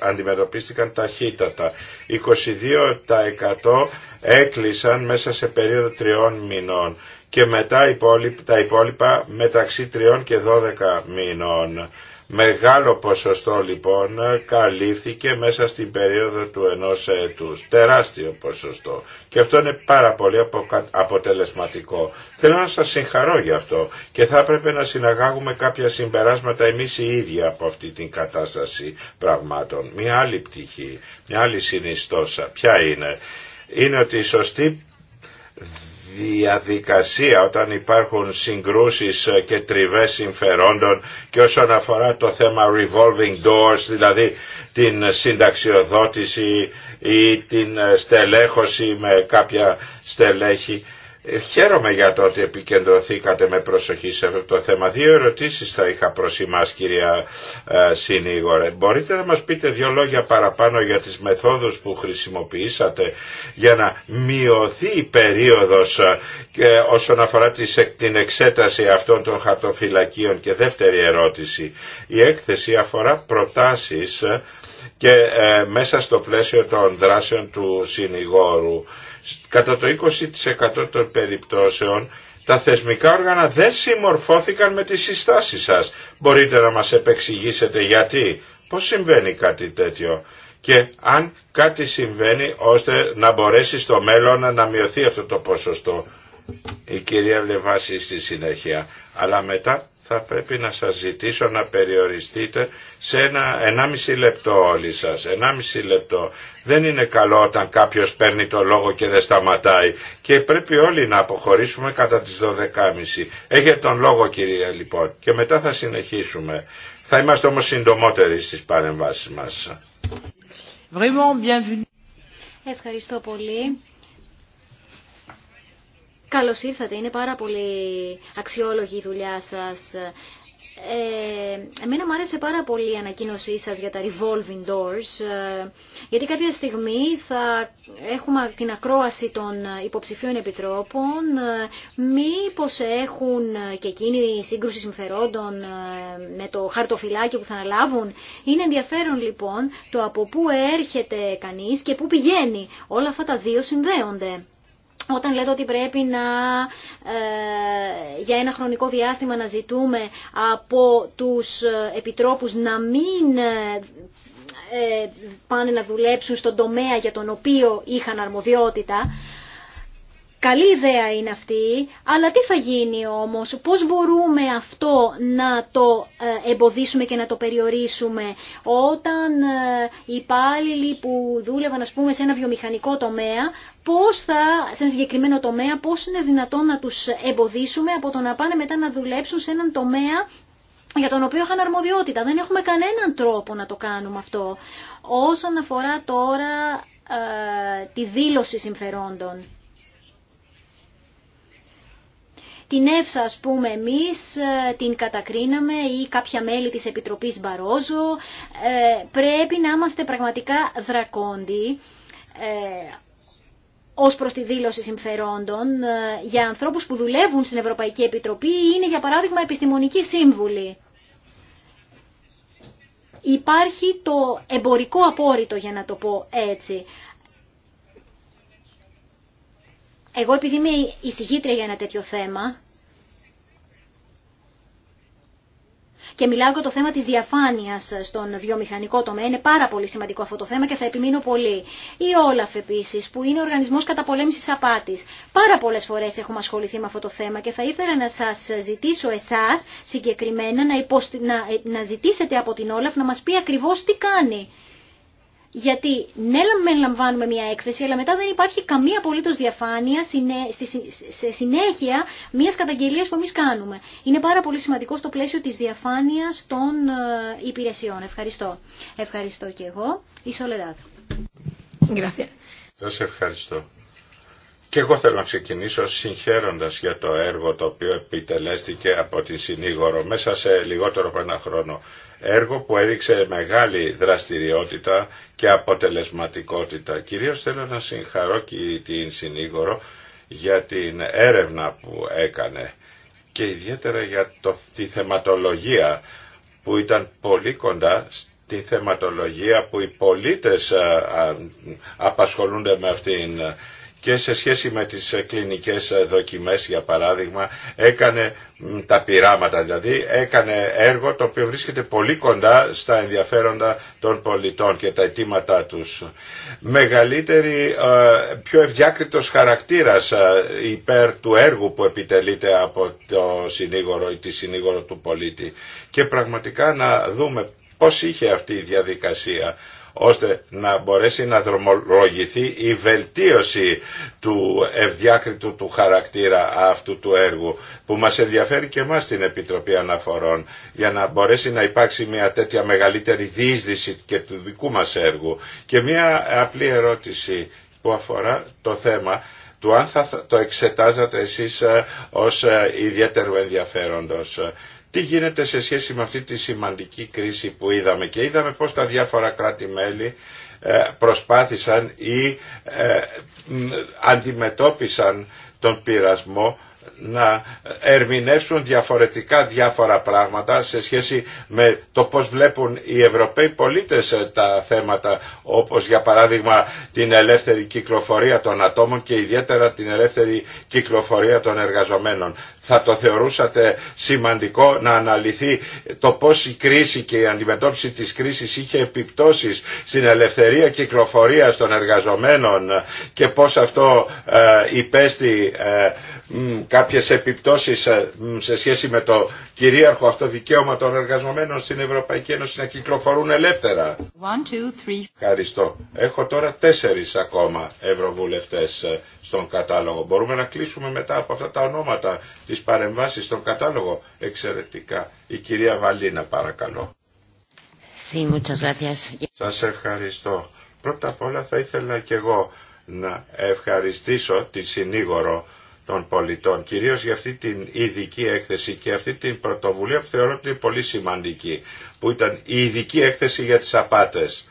αντιμετωπίστηκαν ταχύτατα. 22% έκλεισαν μέσα σε περίοδο τριών μηνών και μετά τα υπόλοιπα μεταξύ τριών και 12 μηνών. Μεγάλο ποσοστό λοιπόν καλύφθηκε μέσα στην περίοδο του ενός έτους. Τεράστιο ποσοστό. Και αυτό είναι πάρα πολύ αποτελεσματικό. Θέλω να σας συγχαρώ γι' αυτό και θα έπρεπε να συναγάγουμε κάποια συμπεράσματα εμείς οι ίδιοι από αυτή την κατάσταση πραγμάτων. Μια άλλη πτυχή, μια άλλη συνιστόσα. Ποια είναι. Είναι ότι η σωστή διαδικασία όταν υπάρχουν συγκρούσεις και τριβές συμφερόντων και όσον αφορά το θέμα revolving doors, δηλαδή την συνταξιοδότηση ή την στελέχωση με κάποια στελέχη ε, χαίρομαι για το ότι επικεντρωθήκατε με προσοχή σε αυτό το θέμα. Δύο ερωτήσεις θα είχα προς εμάς κυρία ε, Σύνηγορε. Μπορείτε να μας πείτε δύο λόγια παραπάνω για τις μεθόδους που χρησιμοποιήσατε για να μειωθεί η περίοδος ε, όσον αφορά την εξέταση αυτών των χαρτοφυλακίων. Και δεύτερη ερώτηση. Η έκθεση αφορά προτάσεις και μέσα στο πλαίσιο των δράσεων του συνηγόρου κατά το 20% των περιπτώσεων τα θεσμικά όργανα δεν συμμορφώθηκαν με τις συστάσεις σας. Μπορείτε να μας επεξηγήσετε γιατί, πώς συμβαίνει κάτι τέτοιο και αν κάτι συμβαίνει ώστε να μπορέσει στο μέλλον να μειωθεί αυτό το ποσοστό. Η κυρία Λεβάση στη συνέχεια. Αλλά μετά θα πρέπει να σας ζητήσω να περιοριστείτε σε ένα 1,5 λεπτό όλοι σας. 1,5 λεπτό. Δεν είναι καλό όταν κάποιος παίρνει το λόγο και δεν σταματάει. Και πρέπει όλοι να αποχωρήσουμε κατά τις 12.30. Έχετε τον λόγο κυρία λοιπόν και μετά θα συνεχίσουμε. Θα είμαστε όμως συντομότεροι στις παρεμβάσεις μας. Ευχαριστώ πολύ. Καλώς ήρθατε, είναι πάρα πολύ αξιόλογη η δουλειά σας. Ε, εμένα μου άρεσε πάρα πολύ η ανακοίνωσή σας για τα revolving doors, ε, γιατί κάποια στιγμή θα έχουμε την ακρόαση των υποψηφίων επιτρόπων, ε, μήπως έχουν και εκείνοι σύγκρουση συμφερόντων ε, με το χαρτοφυλάκι που θα αναλάβουν. Είναι ενδιαφέρον λοιπόν το από πού έρχεται κανείς και πού πηγαίνει. Όλα αυτά τα δύο συνδέονται όταν λέτε ότι πρέπει να ε, για ένα χρονικό διάστημα να ζητούμε από τους ε, επιτρόπους να μην ε, πάνε να δουλέψουν στον τομέα για τον οποίο είχαν αρμοδιότητα, Καλή ιδέα είναι αυτή, αλλά τι θα γίνει όμως, πώς μπορούμε αυτό να το ε, εμποδίσουμε και να το περιορίσουμε όταν ε, οι υπάλληλοι που δούλευαν ας πούμε σε ένα βιομηχανικό τομέα, πώς θα, σε ένα συγκεκριμένο τομέα, πώς είναι δυνατόν να τους εμποδίσουμε από το να πάνε μετά να δουλέψουν σε έναν τομέα για τον οποίο είχαν αρμοδιότητα. Δεν έχουμε κανέναν τρόπο να το κάνουμε αυτό. Όσον αφορά τώρα ε, τη δήλωση συμφερόντων. Την ΕΦΣΑ, α πούμε, εμείς ε, την κατακρίναμε ή κάποια μέλη της Επιτροπής Μπαρόζο. Ε, πρέπει να είμαστε πραγματικά δρακόντιοι ε, ως προς τη δήλωση συμφερόντων για ανθρώπους που δουλεύουν στην Ευρωπαϊκή Επιτροπή ή είναι για παράδειγμα επιστημονικοί σύμβουλοι. Υπάρχει το εμπορικό απόρριτο για να το πω έτσι. Εγώ επειδή είμαι εισηγήτρια για ένα τέτοιο θέμα και μιλάω για το θέμα της διαφάνειας στον βιομηχανικό τομέα, είναι πάρα πολύ σημαντικό αυτό το θέμα και θα επιμείνω πολύ. Η Όλαφ επίσης που είναι ο οργανισμός καταπολέμησης απάτης. Πάρα πολλές φορές έχουμε ασχοληθεί με αυτό το θέμα και θα ήθελα να σας ζητήσω εσάς συγκεκριμένα να, ε, να ζητήσετε από την Όλαφ να μας πει ακριβώς τι κάνει γιατί ναι, με λαμβάνουμε μια έκθεση, αλλά μετά δεν υπάρχει καμία απολύτω διαφάνεια σε συνέχεια μια καταγγελία που εμεί κάνουμε. Είναι πάρα πολύ σημαντικό στο πλαίσιο τη διαφάνεια των ε, υπηρεσιών. Ευχαριστώ. Ευχαριστώ και εγώ. Η Σα ευχαριστώ. Και εγώ θέλω να ξεκινήσω συγχαίροντα για το έργο το οποίο επιτελέστηκε από την συνήγορο μέσα σε λιγότερο από ένα χρόνο έργο που έδειξε μεγάλη δραστηριότητα και αποτελεσματικότητα. Κυρίως θέλω να συγχαρώ και την συνήγορο για την έρευνα που έκανε και ιδιαίτερα για το, τη θεματολογία που ήταν πολύ κοντά στη θεματολογία που οι πολίτες απασχολούνται με αυτήν και σε σχέση με τις ε, κλινικές ε, δοκιμές για παράδειγμα έκανε τα πειράματα δηλαδή έκανε έργο το οποίο βρίσκεται πολύ κοντά στα ενδιαφέροντα των πολιτών και τα αιτήματά τους. Μεγαλύτερη, ε, πιο ευδιάκριτος χαρακτήρας υπέρ του έργου που επιτελείται από το συνήγορο ή τη συνήγορο του πολίτη και πραγματικά να δούμε πώς είχε αυτή η διαδικασία ώστε να μπορέσει να δρομολογηθεί η βελτίωση του ευδιάκριτου του χαρακτήρα αυτού του έργου που μας ενδιαφέρει και εμάς στην Επιτροπή Αναφορών για να μπορέσει να υπάρξει μια τέτοια μεγαλύτερη διείσδυση και του δικού μας έργου. Και μια απλή ερώτηση που αφορά το θέμα του αν θα το εξετάζατε εσείς ε, ως ε, ιδιαίτερο ενδιαφέροντος. Τι γίνεται σε σχέση με αυτή τη σημαντική κρίση που είδαμε και είδαμε πώς τα διάφορα κράτη-μέλη ε, προσπάθησαν ή ε, αντιμετώπισαν τον πειρασμό να ερμηνεύσουν διαφορετικά διάφορα πράγματα σε σχέση με το πώς βλέπουν οι Ευρωπαίοι πολίτες ε, τα θέματα όπως για παράδειγμα την ελεύθερη κυκλοφορία των ατόμων και ιδιαίτερα την ελεύθερη κυκλοφορία των εργαζομένων. Θα το θεωρούσατε σημαντικό να αναλυθεί το πώς η κρίση και η αντιμετώπιση της κρίσης είχε επιπτώσεις στην ελευθερία κυκλοφορίας των εργαζομένων και πώς αυτό ε, υπέστη ε, κάποιες επιπτώσεις ε, σε σχέση με το κυρίαρχο αυτό δικαίωμα των εργαζομένων στην Ευρωπαϊκή Ένωση να κυκλοφορούν ελεύθερα. One, Ευχαριστώ. Έχω τώρα τέσσερις ακόμα ευρωβουλευτές ε, στον κατάλογο. Μπορούμε να κλείσουμε μετά από αυτά τα ονόματα της παρεμβάσεις στον κατάλογο. Εξαιρετικά. Η κυρία Βαλίνα παρακαλώ. Sí, Σας ευχαριστώ. Πρώτα απ' όλα θα ήθελα και εγώ να ευχαριστήσω τη συνήγορο των πολιτών, κυρίως για αυτή την ειδική έκθεση και αυτή την πρωτοβουλία που θεωρώ ότι είναι πολύ σημαντική, που ήταν η ειδική έκθεση για τις απάτες.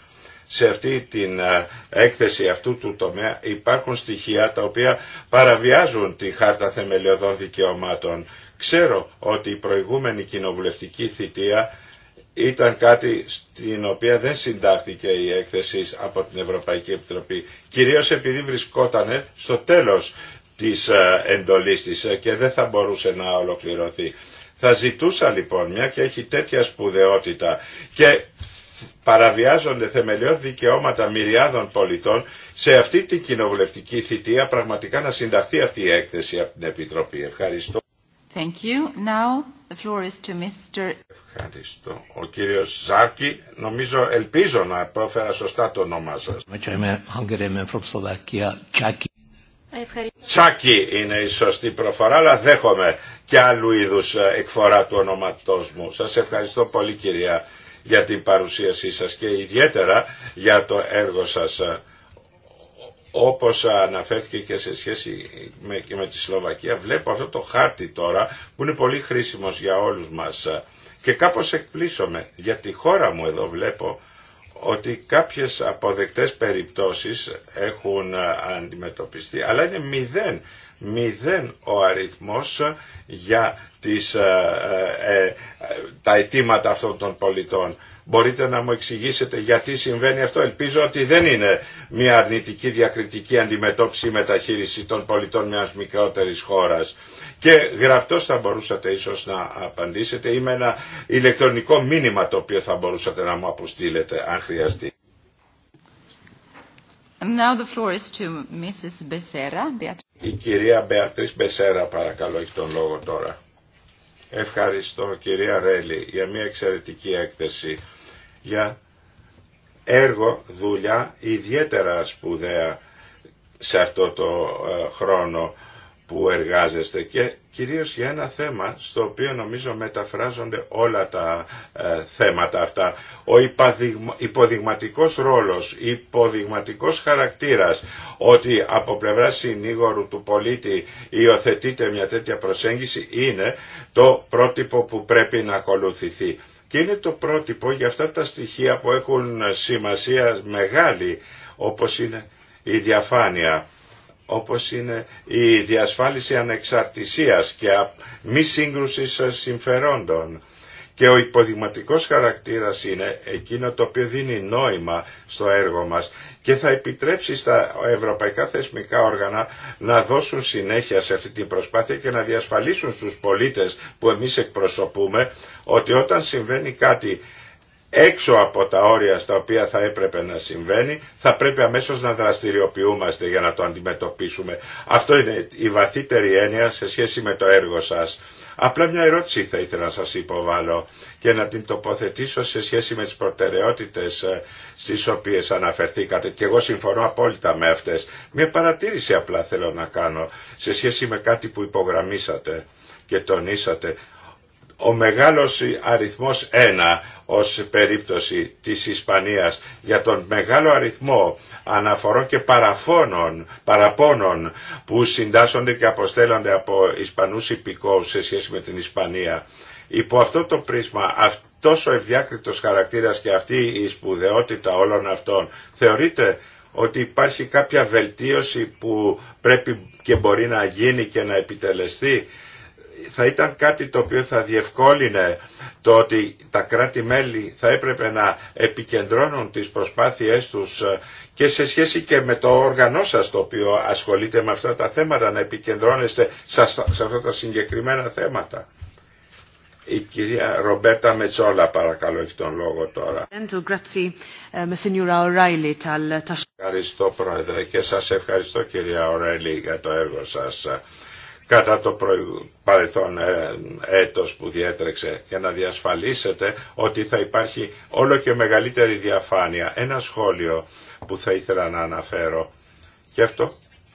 Σε αυτή την ε, έκθεση αυτού του τομέα υπάρχουν στοιχεία τα οποία παραβιάζουν τη Χάρτα Θεμελιωδών Δικαιωμάτων. Ξέρω ότι η προηγούμενη κοινοβουλευτική θητεία ήταν κάτι στην οποία δεν συντάχθηκε η έκθεση από την Ευρωπαϊκή Επιτροπή, κυρίως επειδή βρισκόταν στο τέλος της ε, εντολής της ε, και δεν θα μπορούσε να ολοκληρωθεί. Θα ζητούσα λοιπόν μια και έχει τέτοια σπουδαιότητα και παραβιάζονται θεμελιώδη δικαιώματα μυριάδων πολιτών σε αυτή την κοινοβουλευτική θητεία πραγματικά να συνταχθεί αυτή η έκθεση από την Επιτροπή. Ευχαριστώ. Thank you. Now the floor is to Mr. Ευχαριστώ. Ο κύριος Ζάκη νομίζω, ελπίζω να πρόφερα σωστά το όνομά σας. Ευχαριστώ. Τσάκι είναι η σωστή προφορά, αλλά δέχομαι και άλλου είδους ε, εκφορά του ονοματός μου. Σας ευχαριστώ πολύ κυρία για την παρουσίασή σας και ιδιαίτερα για το έργο σας ε, όπως αναφέρθηκε και σε σχέση με, και με τη Σλοβακία βλέπω αυτό το χάρτη τώρα που είναι πολύ χρήσιμος για όλους μας ε, και κάπως εκπλήσωμαι για τη χώρα μου εδώ βλέπω ότι κάποιες αποδεκτές περιπτώσεις έχουν ε, αντιμετωπιστεί, αλλά είναι μηδέν, μηδέν ο αριθμός για τις, ε, ε, ε, τα αιτήματα αυτών των πολιτών. Μπορείτε να μου εξηγήσετε γιατί συμβαίνει αυτό. Ελπίζω ότι δεν είναι μια αρνητική διακριτική αντιμετώπιση ή μεταχείριση των πολιτών μιας μικρότερης χώρας. Και γραπτός θα μπορούσατε ίσως να απαντήσετε ή με ένα ηλεκτρονικό μήνυμα το οποίο θα μπορούσατε να μου αποστείλετε αν χρειαστεί. Η κυρία Μπεατρίς Μπεσέρα παρακαλώ έχει τον λόγο τώρα. Ευχαριστώ κυρία Ρέλη για μια εξαιρετική έκθεση, για έργο, δουλειά ιδιαίτερα σπουδαία σε αυτό το ε, χρόνο που εργάζεστε κυρίως για ένα θέμα στο οποίο νομίζω μεταφράζονται όλα τα ε, θέματα αυτά. Ο υποδειγματικός ρόλος, υποδειγματικός χαρακτήρας ότι από πλευρά συνήγορου του πολίτη υιοθετείται μια τέτοια προσέγγιση είναι το πρότυπο που πρέπει να ακολουθηθεί. Και είναι το πρότυπο για αυτά τα στοιχεία που έχουν σημασία μεγάλη όπως είναι η διαφάνεια όπως είναι η διασφάλιση ανεξαρτησίας και μη σύγκρουσης συμφερόντων. Και ο υποδειγματικός χαρακτήρας είναι εκείνο το οποίο δίνει νόημα στο έργο μας και θα επιτρέψει στα ευρωπαϊκά θεσμικά όργανα να δώσουν συνέχεια σε αυτή την προσπάθεια και να διασφαλίσουν στους πολίτες που εμείς εκπροσωπούμε ότι όταν συμβαίνει κάτι έξω από τα όρια στα οποία θα έπρεπε να συμβαίνει, θα πρέπει αμέσως να δραστηριοποιούμαστε για να το αντιμετωπίσουμε. Αυτό είναι η βαθύτερη έννοια σε σχέση με το έργο σας. Απλά μια ερώτηση θα ήθελα να σας υποβάλω και να την τοποθετήσω σε σχέση με τις προτεραιότητες ε, στις οποίες αναφερθήκατε και εγώ συμφωνώ απόλυτα με αυτές. Μια παρατήρηση απλά θέλω να κάνω σε σχέση με κάτι που υπογραμμίσατε και τονίσατε ο μεγάλος αριθμός 1 ως περίπτωση της Ισπανίας για τον μεγάλο αριθμό αναφορώ και παραφώνων, παραπώνων που συντάσσονται και αποστέλλονται από Ισπανούς υπηκόους σε σχέση με την Ισπανία. Υπό αυτό το πρίσμα, αυτός ο ευδιάκριτος χαρακτήρας και αυτή η σπουδαιότητα όλων αυτών θεωρείται ότι υπάρχει κάποια βελτίωση που πρέπει και μπορεί να γίνει και να επιτελεστεί θα ήταν κάτι το οποίο θα διευκόλυνε το ότι τα κράτη-μέλη θα έπρεπε να επικεντρώνουν τις προσπάθειές τους ε, και σε σχέση και με το όργανό σας το οποίο ασχολείται με αυτά τα θέματα, να επικεντρώνεστε σε αυτά τα συγκεκριμένα θέματα. Η κυρία Ρομπέρτα Μετσόλα παρακαλώ έχει τον λόγο τώρα. Ε, ευχαριστώ Πρόεδρε και σας ευχαριστώ κυρία Ορέλη για το έργο σας κατά το παρελθόν ε, έτος που διέτρεξε για να διασφαλίσετε ότι θα υπάρχει όλο και μεγαλύτερη διαφάνεια. Ένα σχόλιο που θα ήθελα να αναφέρω και αυτό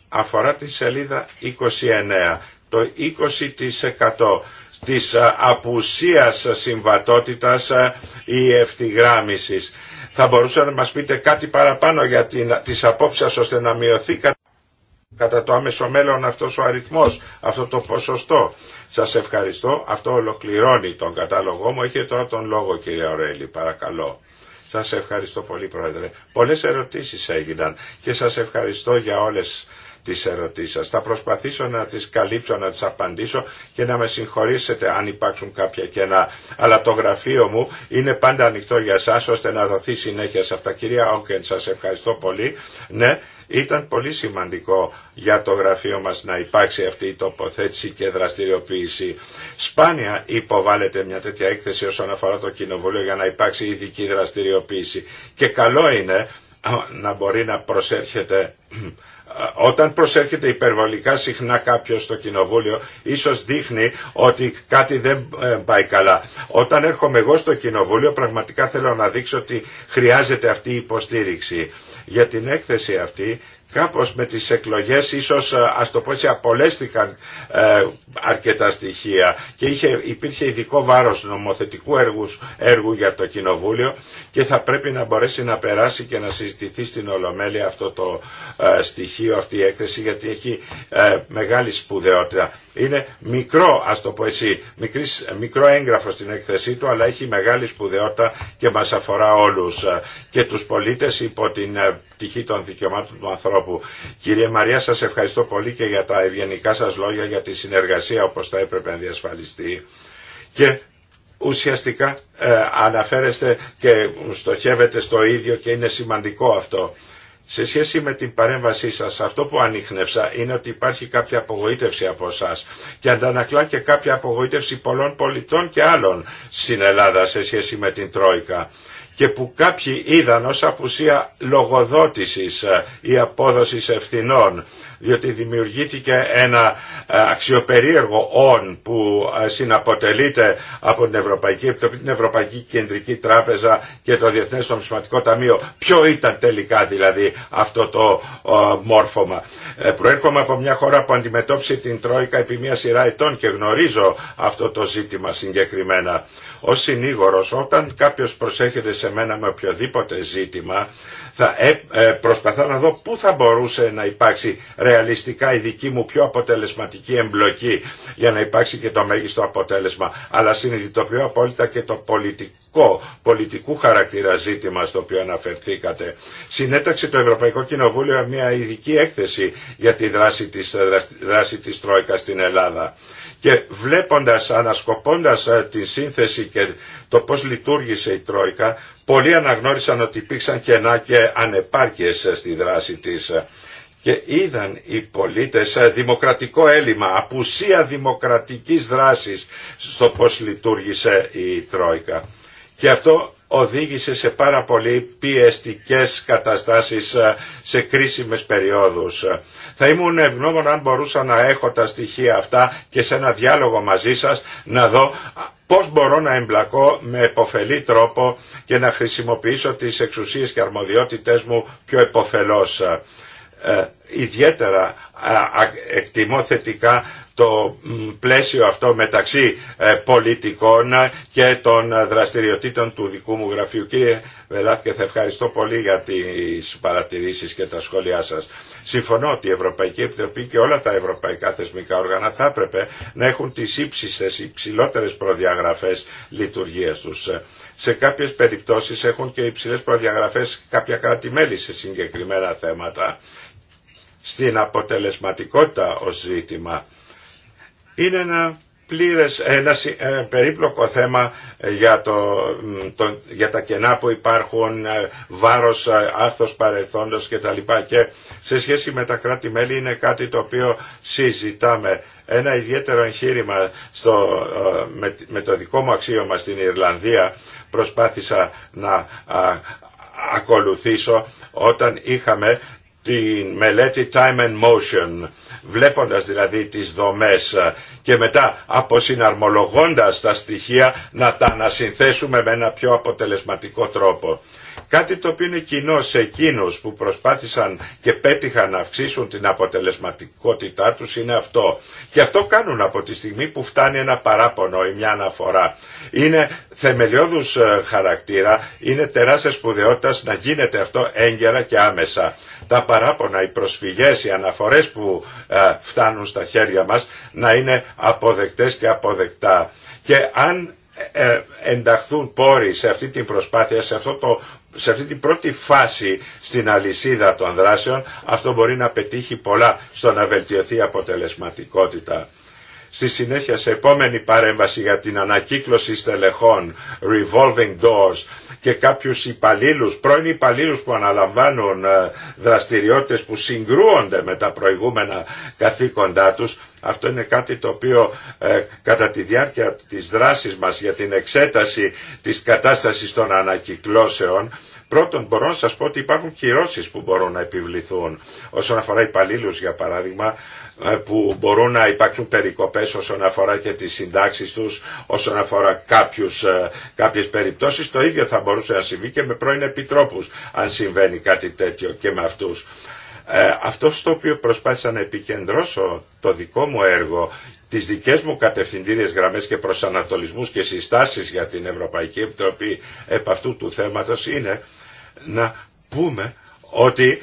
αφορά τη σελίδα 29, το 20% της ε, απουσίας συμβατότητας ή ε, ευθυγράμμισης. Θα μπορούσατε να μας πείτε κάτι παραπάνω για τις απόψεις ώστε να μειωθεί κατά το άμεσο μέλλον αυτός ο αριθμός, αυτό το ποσοστό. Σας ευχαριστώ. Αυτό ολοκληρώνει τον κατάλογό μου. Έχετε τώρα τον λόγο κύριε Ορέλη, παρακαλώ. Σας ευχαριστώ πολύ Πρόεδρε. Πολλές ερωτήσεις έγιναν και σας ευχαριστώ για όλες τις ερωτήσεις σας. Θα προσπαθήσω να τις καλύψω, να τις απαντήσω και να με συγχωρήσετε αν υπάρξουν κάποια κενά. Αλλά το γραφείο μου είναι πάντα ανοιχτό για εσάς ώστε να δοθεί συνέχεια σε αυτά. Κυρία Όγκεν, σας ευχαριστώ πολύ. Ναι, ήταν πολύ σημαντικό για το γραφείο μας να υπάρξει αυτή η τοποθέτηση και δραστηριοποίηση. Σπάνια υποβάλλεται μια τέτοια έκθεση όσον αφορά το Κοινοβούλιο για να υπάρξει ειδική δραστηριοποίηση. Και καλό είναι να μπορεί να προσέρχεται ε, όταν προσέρχεται υπερβολικά συχνά κάποιος στο κοινοβούλιο ίσως δείχνει ότι κάτι δεν ε, πάει καλά. Όταν έρχομαι εγώ στο κοινοβούλιο πραγματικά θέλω να δείξω ότι χρειάζεται αυτή η υποστήριξη. Για την έκθεση αυτή κάπως με τις εκλογές ίσως ε, ας το πω έτσι απολέστηκαν ε, αρκετά στοιχεία και είχε, υπήρχε ειδικό βάρος νομοθετικού έργου, για το Κοινοβούλιο και θα πρέπει να μπορέσει να περάσει και να συζητηθεί στην Ολομέλεια αυτό το ε, στοιχείο, αυτή η έκθεση γιατί έχει μεγάλη σπουδαιότητα. Είναι μικρό, ας το πω έτσι, μικρής, μικρό έγγραφο στην έκθεσή του αλλά έχει μεγάλη σπουδαιότητα και μας αφορά όλους και τους πολίτες υπό την πτυχή των δικαιωμάτων του ανθρώπου. Κυρίε Μαρία, σας ευχαριστώ πολύ και για τα ευγενικά σας λόγια για τη συνεργασία όπως θα έπρεπε να διασφαλιστεί. Και ουσιαστικά ε, αναφέρεστε και στοχεύετε στο ίδιο και είναι σημαντικό αυτό. Σε σχέση με την παρέμβασή σας, αυτό που ανείχνευσα είναι ότι υπάρχει κάποια απογοήτευση από εσά και αντανακλά και κάποια απογοήτευση πολλών πολιτών και άλλων στην Ελλάδα σε σχέση με την Τρόικα και που κάποιοι είδαν ως απουσία λογοδότησης ή ε, απόδοσης ευθυνών διότι δημιουργήθηκε ένα ε, αξιοπερίεργο όν που ε, συναποτελείται από την Ευρωπαϊκή Επιτροπή, την Ευρωπαϊκή Κεντρική Τράπεζα και το Διεθνές Ομισματικό Ταμείο. Ποιο ήταν τελικά δηλαδή αυτό το ε, μόρφωμα. Προέρχομαι από μια χώρα που αντιμετώπισε την Τρόικα επί μια σειρά ετών και γνωρίζω αυτό το ζήτημα συγκεκριμένα. Ως συνήγορος, όταν κάποιος προσέχεται σε μένα με οποιοδήποτε ζήτημα, θα ε, ε, προσπαθώ να δω πού θα μπορούσε να υπάρξει ρεαλιστικά η δική μου πιο αποτελεσματική εμπλοκή για να υπάρξει και το μέγιστο αποτέλεσμα. Αλλά συνειδητοποιώ απόλυτα και το πολιτικό, πολιτικού χαρακτήρα ζήτημα στο οποίο αναφερθήκατε. Συνέταξε το Ευρωπαϊκό Κοινοβούλιο μια ειδική έκθεση για τη δράση της, ε, δράση της Τρόικας στην Ελλάδα. Και βλέποντας, ανασκοπώντας ε, τη σύνθεση και το πώς λειτουργήσε η Τρόικα, πολλοί αναγνώρισαν ότι υπήρξαν κενά και ανεπάρκειες ε, στη δράση της. Και είδαν οι πολίτες ε, δημοκρατικό έλλειμμα, απουσία δημοκρατικής δράσης στο πώς λειτουργήσε η Τρόικα. Και αυτό οδήγησε σε πάρα πολύ πιεστικές καταστάσεις ε, σε κρίσιμες περιόδους. Θα ήμουν ευγνώμων αν μπορούσα να έχω τα στοιχεία αυτά και σε ένα διάλογο μαζί σας να δω πώς μπορώ να εμπλακώ με εποφελή τρόπο και να χρησιμοποιήσω τις εξουσίες και αρμοδιότητες μου πιο εποφελώς. Ε, ιδιαίτερα εκτιμώ θετικά το πλαίσιο αυτό μεταξύ ε, πολιτικών ε, και των ε, δραστηριοτήτων του δικού μου γραφείου. Κύριε Βελάθκε, θα ευχαριστώ πολύ για τις παρατηρήσεις και τα σχόλιά σας. Συμφωνώ ότι η Ευρωπαϊκή Επιτροπή και όλα τα ευρωπαϊκά θεσμικά όργανα θα έπρεπε να έχουν τις ύψιστες, υψηλότερες προδιαγραφές λειτουργίας τους. Σε κάποιες περιπτώσεις έχουν και υψηλές προδιαγραφές κάποια κράτη-μέλη σε συγκεκριμένα θέματα. Στην αποτελεσματικότητα ως ζήτημα είναι ένα πλήρες, ένα ε, περίπλοκο θέμα για, το, για τα κενά που υπάρχουν, ε, βάρος, ε, άρθος παρελθόντος κτλ. Και σε σχέση με τα κράτη-μέλη είναι κάτι το οποίο συζητάμε. Ένα ιδιαίτερο εγχείρημα στο, με, το δικό μου αξίωμα στην Ιρλανδία προσπάθησα να ακολουθήσω όταν είχαμε τη μελέτη Time and Motion, βλέποντας δηλαδή τις δομές ε, και μετά αποσυναρμολογώντας τα στοιχεία να τα ανασυνθέσουμε με ένα πιο αποτελεσματικό τρόπο. Κάτι το οποίο είναι κοινό σε εκείνους που προσπάθησαν και πέτυχαν να αυξήσουν την αποτελεσματικότητά τους είναι αυτό. Και αυτό κάνουν από τη στιγμή που φτάνει ένα παράπονο ή μια αναφορά. Είναι θεμελιώδους ε, χαρακτήρα, είναι τεράστια σπουδαιότητα να γίνεται αυτό έγκαιρα και άμεσα. Τα παράπονα, οι προσφυγές, οι αναφορές που ε, φτάνουν στα χέρια μας να είναι αποδεκτές και αποδεκτά. Και αν ε, ενταχθούν πόροι σε αυτή την προσπάθεια, σε αυτό το σε αυτή την πρώτη φάση στην αλυσίδα των δράσεων αυτό μπορεί να πετύχει πολλά στο να βελτιωθεί η αποτελεσματικότητα Στη συνέχεια σε επόμενη παρέμβαση για την ανακύκλωση στελεχών, revolving doors και κάποιους υπαλλήλους, πρώην υπαλλήλους που αναλαμβάνουν ε, δραστηριότητες που συγκρούονται με τα προηγούμενα καθήκοντά τους, αυτό είναι κάτι το οποίο ε, κατά τη διάρκεια της δράσης μας για την εξέταση της κατάστασης των ανακυκλώσεων Πρώτον, μπορώ να σας πω ότι υπάρχουν κυρώσεις που μπορούν να επιβληθούν όσον αφορά υπαλλήλους, για παράδειγμα, ε, που μπορούν να υπάρξουν περικοπές όσον αφορά και τις συντάξεις τους, όσον αφορά κάποιους, ε, κάποιες περιπτώσεις. Το ίδιο θα μπορούσε να συμβεί και με πρώην επιτρόπους, αν συμβαίνει κάτι τέτοιο και με αυτούς. Ε, αυτό στο οποίο προσπάθησα να επικεντρώσω το δικό μου έργο τις δικές μου κατευθυντήριες γραμμές και προσανατολισμούς και συστάσεις για την Ευρωπαϊκή Επιτροπή επ' αυτού του θέματος είναι να πούμε ότι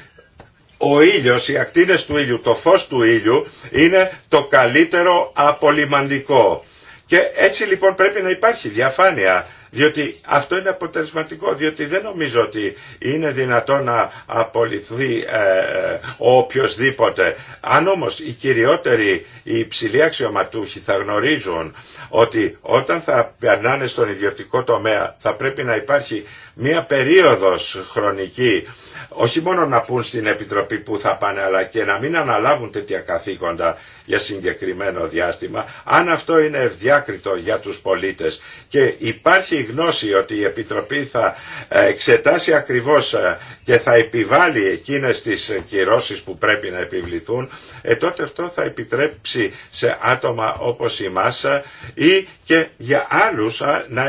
ο ήλιος, οι ακτίνες του ήλιου, το φως του ήλιου είναι το καλύτερο απολυμαντικό. Και έτσι λοιπόν πρέπει να υπάρχει διαφάνεια διότι αυτό είναι αποτελεσματικό, διότι δεν νομίζω ότι είναι δυνατό να απολυθεί ε, ο οποιοδήποτε. Αν όμως οι κυριότεροι, οι υψηλοί αξιωματούχοι θα γνωρίζουν ότι όταν θα περνάνε στον ιδιωτικό τομέα θα πρέπει να υπάρχει μία περίοδος χρονική, όχι μόνο να πούν στην Επιτροπή που θα πάνε, αλλά και να μην αναλάβουν τέτοια καθήκοντα για συγκεκριμένο διάστημα, αν αυτό είναι ευδιάκριτο για τους πολίτες και υπάρχει γνώση ότι η Επιτροπή θα εξετάσει ακριβώς ε, και θα επιβάλλει εκείνες τις κυρώσεις που πρέπει να επιβληθούν, ε, τότε αυτό θα επιτρέψει σε άτομα όπως η Μάσα ε, ή και για άλλους ε, να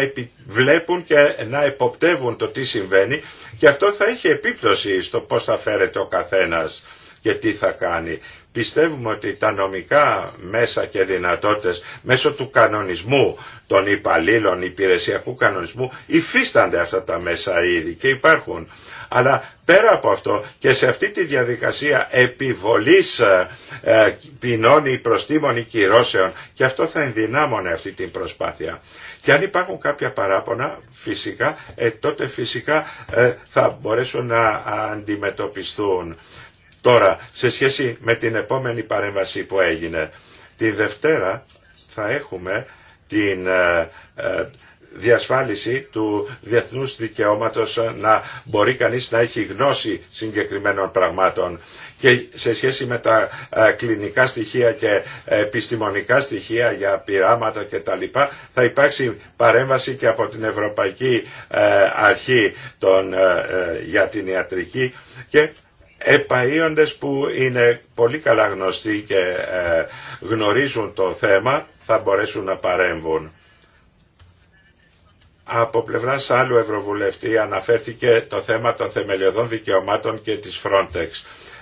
βλέπουν και να εποπτεύουν το τι συμβαίνει και αυτό θα έχει επίπτωση στο πώς θα φέρεται ο καθένας και τι θα κάνει. Πιστεύουμε ότι τα νομικά μέσα και δυνατότητες μέσω του κανονισμού των υπαλλήλων υπηρεσιακού κανονισμού υφίστανται αυτά τα μέσα ήδη και υπάρχουν. Αλλά πέρα από αυτό και σε αυτή τη διαδικασία επιβολής ε, ε ποινών ή προστήμων ή κυρώσεων και αυτό θα ενδυνάμωνε αυτή την προσπάθεια. Και αν υπάρχουν κάποια παράπονα φυσικά, ε, τότε φυσικά ε, θα μπορέσουν να αντιμετωπιστούν. Τώρα, σε σχέση με την επόμενη παρέμβαση που έγινε, τη Δευτέρα θα έχουμε την ε, ε, διασφάλιση του διεθνούς δικαιώματος να μπορεί κανείς να έχει γνώση συγκεκριμένων πραγμάτων και σε σχέση με τα ε, κλινικά στοιχεία και επιστημονικά στοιχεία για πειράματα και τα λοιπά θα υπάρξει παρέμβαση και από την Ευρωπαϊκή Αρχή των, για την Ιατρική και επαΐοντες που είναι πολύ καλά γνωστοί και ε, γνωρίζουν το θέμα θα μπορέσουν να παρέμβουν. Από πλευράς άλλου Ευρωβουλευτή αναφέρθηκε το θέμα των θεμελιωδών δικαιωμάτων και της Frontex.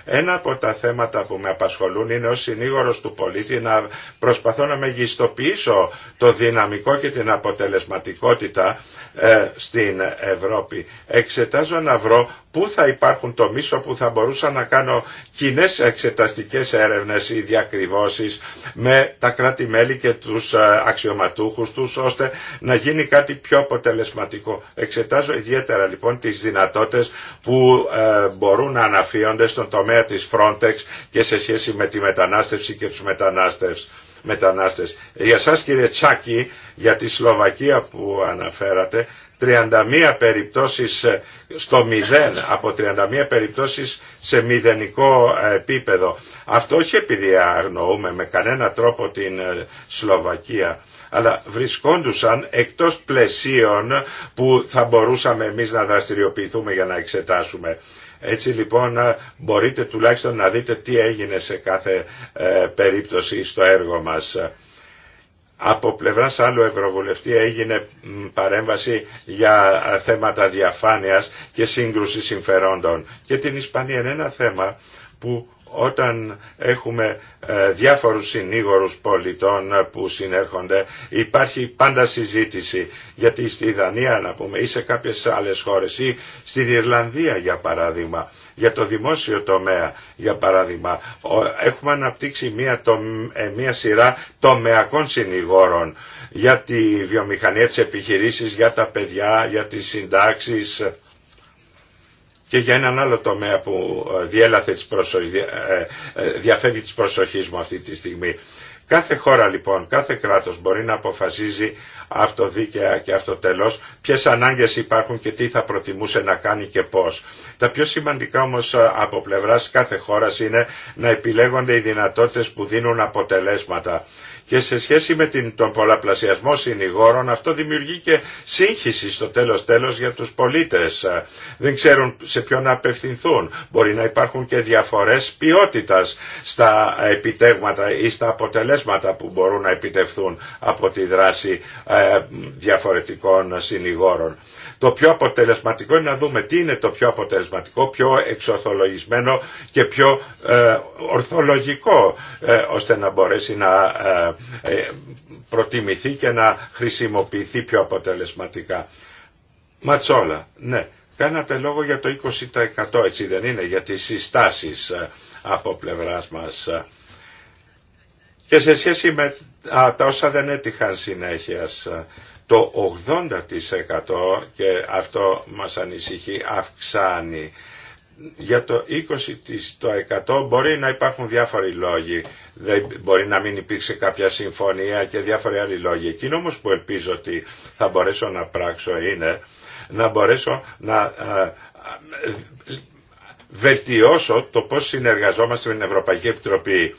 Ένα από τα θέματα που με απασχολούν είναι ως συνήγορος του πολίτη να προσπαθώ να μεγιστοποιήσω το δυναμικό και την αποτελεσματικότητα ε, στην Ευρώπη. Εξετάζω να βρω πού θα υπάρχουν το μισο που θα μπορούσα να κάνω κοινέ εξεταστικές έρευνες ή διακριβώσεις με τα κράτη-μέλη και τους ε, αξιωματούχους τους ώστε να γίνει κάτι πιο αποτελεσματικό. Εξετάζω ιδιαίτερα λοιπόν τις δυνατότητες που ε, μπορούν να αναφύονται στον τομέα τομέα της Frontex και σε σχέση με τη μετανάστευση και τους μετανάστευς. Μετανάστες. Για σας κύριε Τσάκη, για τη Σλοβακία που αναφέρατε, 31 περιπτώσεις στο μηδέν, από 31 περιπτώσεις σε μηδενικό ε, επίπεδο. Αυτό όχι επειδή αγνοούμε με κανένα τρόπο την ε, Σλοβακία, αλλά βρισκόντουσαν εκτός πλαισίων που θα μπορούσαμε εμείς να δραστηριοποιηθούμε για να εξετάσουμε. Έτσι λοιπόν ε, μπορείτε τουλάχιστον να δείτε τι έγινε σε κάθε ε, περίπτωση στο έργο μας. Από πλευράς άλλου Ευρωβουλευτή έγινε παρέμβαση για ε, θέματα διαφάνειας και σύγκρουση συμφερόντων. Και την Ισπανία είναι ένα θέμα που όταν έχουμε ε, διάφορους συνήγορους πολιτών ε, που συνέρχονται υπάρχει πάντα συζήτηση γιατί στη Δανία να πούμε ή σε κάποιες άλλες χώρες ή στην Ιρλανδία για παράδειγμα για το δημόσιο τομέα για παράδειγμα έχουμε αναπτύξει μια, ε, μια σειρά τομεακών συνηγόρων για τη βιομηχανία της επιχειρήσεις, για τα παιδιά, για τις συντάξεις και για έναν άλλο τομέα που ε, διέλαθε τις προσοχής, ε, ε, διαφεύγει της προσοχής μου αυτή τη στιγμή. Κάθε χώρα λοιπόν, κάθε κράτος μπορεί να αποφασίζει αυτοδίκαια και αυτοτελώς ποιες ανάγκες υπάρχουν και τι θα προτιμούσε να κάνει και πώς. Τα πιο σημαντικά όμως από πλευράς κάθε χώρας είναι να επιλέγονται οι δυνατότητες που δίνουν αποτελέσματα και σε σχέση με την, τον πολλαπλασιασμό συνηγόρων αυτό δημιουργεί και σύγχυση στο τέλος τέλος για τους πολίτες. Δεν ξέρουν σε ποιον να απευθυνθούν. Μπορεί να υπάρχουν και διαφορές ποιότητας στα επιτεύγματα ή στα αποτελέσματα που μπορούν να επιτευχθούν από τη δράση ε, διαφορετικών συνηγόρων. Το πιο αποτελεσματικό είναι να δούμε τι είναι το πιο αποτελεσματικό, πιο εξορθολογισμένο και πιο ε, ορθολογικό ε, ώστε να μπορέσει να ε, προτιμηθεί και να χρησιμοποιηθεί πιο αποτελεσματικά. Ματσόλα, ναι. Κάνατε λόγο για το 20% έτσι δεν είναι, για τις συστάσεις ε, από πλευράς μας. Και σε σχέση με τα όσα δεν έτυχαν συνέχεια, το 80% και αυτό μας ανησυχεί αυξάνει για το 20% μπορεί να υπάρχουν διάφοροι λόγοι. Δεν μπορεί να μην υπήρξε κάποια συμφωνία και διάφοροι άλλοι λόγοι. Εκείνο όμως που ελπίζω ότι θα μπορέσω να πράξω είναι να μπορέσω να ε, βελτιώσω το πώς συνεργαζόμαστε με την Ευρωπαϊκή Επιτροπή.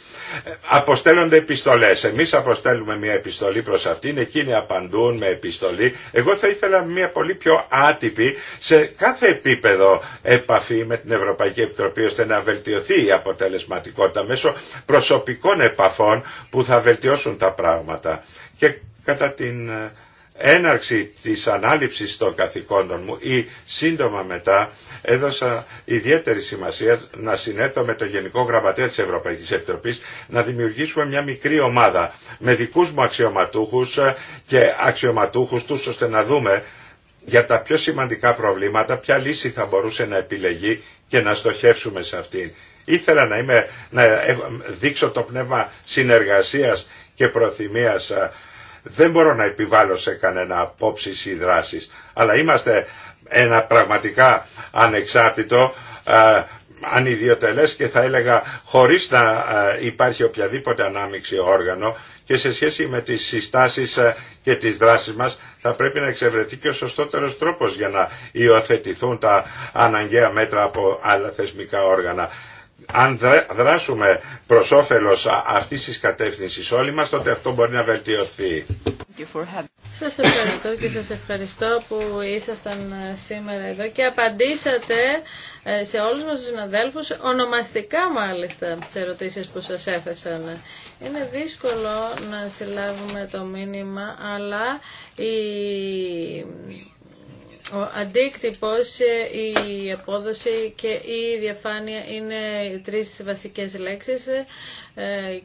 Αποστέλλονται επιστολές. Εμείς αποστέλουμε μια επιστολή προς αυτήν, εκείνοι απαντούν με επιστολή. Εγώ θα ήθελα μια πολύ πιο άτυπη σε κάθε επίπεδο επαφή με την Ευρωπαϊκή Επιτροπή ώστε να βελτιωθεί η αποτελεσματικότητα μέσω προσωπικών επαφών που θα βελτιώσουν τα πράγματα. Και κατά την ε, έναρξη της ανάληψης των καθηκόντων μου ή σύντομα μετά έδωσα ιδιαίτερη σημασία να συνέθω με το Γενικό Γραμματέα της Ευρωπαϊκής Επιτροπής να δημιουργήσουμε μια μικρή ομάδα με δικούς μου αξιωματούχους και αξιωματούχους τους ώστε να δούμε για τα πιο σημαντικά προβλήματα ποια λύση θα μπορούσε να επιλεγεί και να στοχεύσουμε σε αυτή. Ήθελα να, να δείξω το πνεύμα συνεργασίας και προθυμίας δεν μπορώ να επιβάλλω σε κανένα απόψεις ή δράσεις, αλλά είμαστε ένα πραγματικά ανεξάρτητο, ε, ανιδιοτελές και θα έλεγα χωρίς να ε, υπάρχει οποιαδήποτε ανάμειξη όργανο και σε σχέση με τις συστάσεις ε, και τις δράσεις μας θα πρέπει να εξευρεθεί και ο σωστότερος τρόπος για να υιοθετηθούν τα αναγκαία μέτρα από άλλα θεσμικά όργανα αν δράσουμε προς όφελος αυτής της κατεύθυνσης όλοι μας, τότε αυτό μπορεί να βελτιωθεί. Σας ευχαριστώ και σας ευχαριστώ που ήσασταν ε, σήμερα εδώ και απαντήσατε ε, σε όλους μας τους συναδέλφους, ονομαστικά μάλιστα, τις ερωτήσεις που σας έθεσαν. Είναι δύσκολο να συλλάβουμε το μήνυμα, αλλά η ο αντίκτυπος, ε, η απόδοση και η διαφάνεια είναι οι τρεις βασικές λέξεις ε,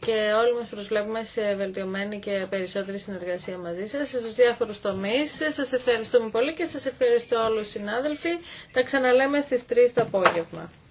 και όλοι μας προσβλέπουμε σε βελτιωμένη και περισσότερη συνεργασία μαζί σας σε διάφορους τομείς. Σας ευχαριστούμε πολύ και σας ευχαριστώ όλους συνάδελφοι. Τα ξαναλέμε στις 3 το απόγευμα.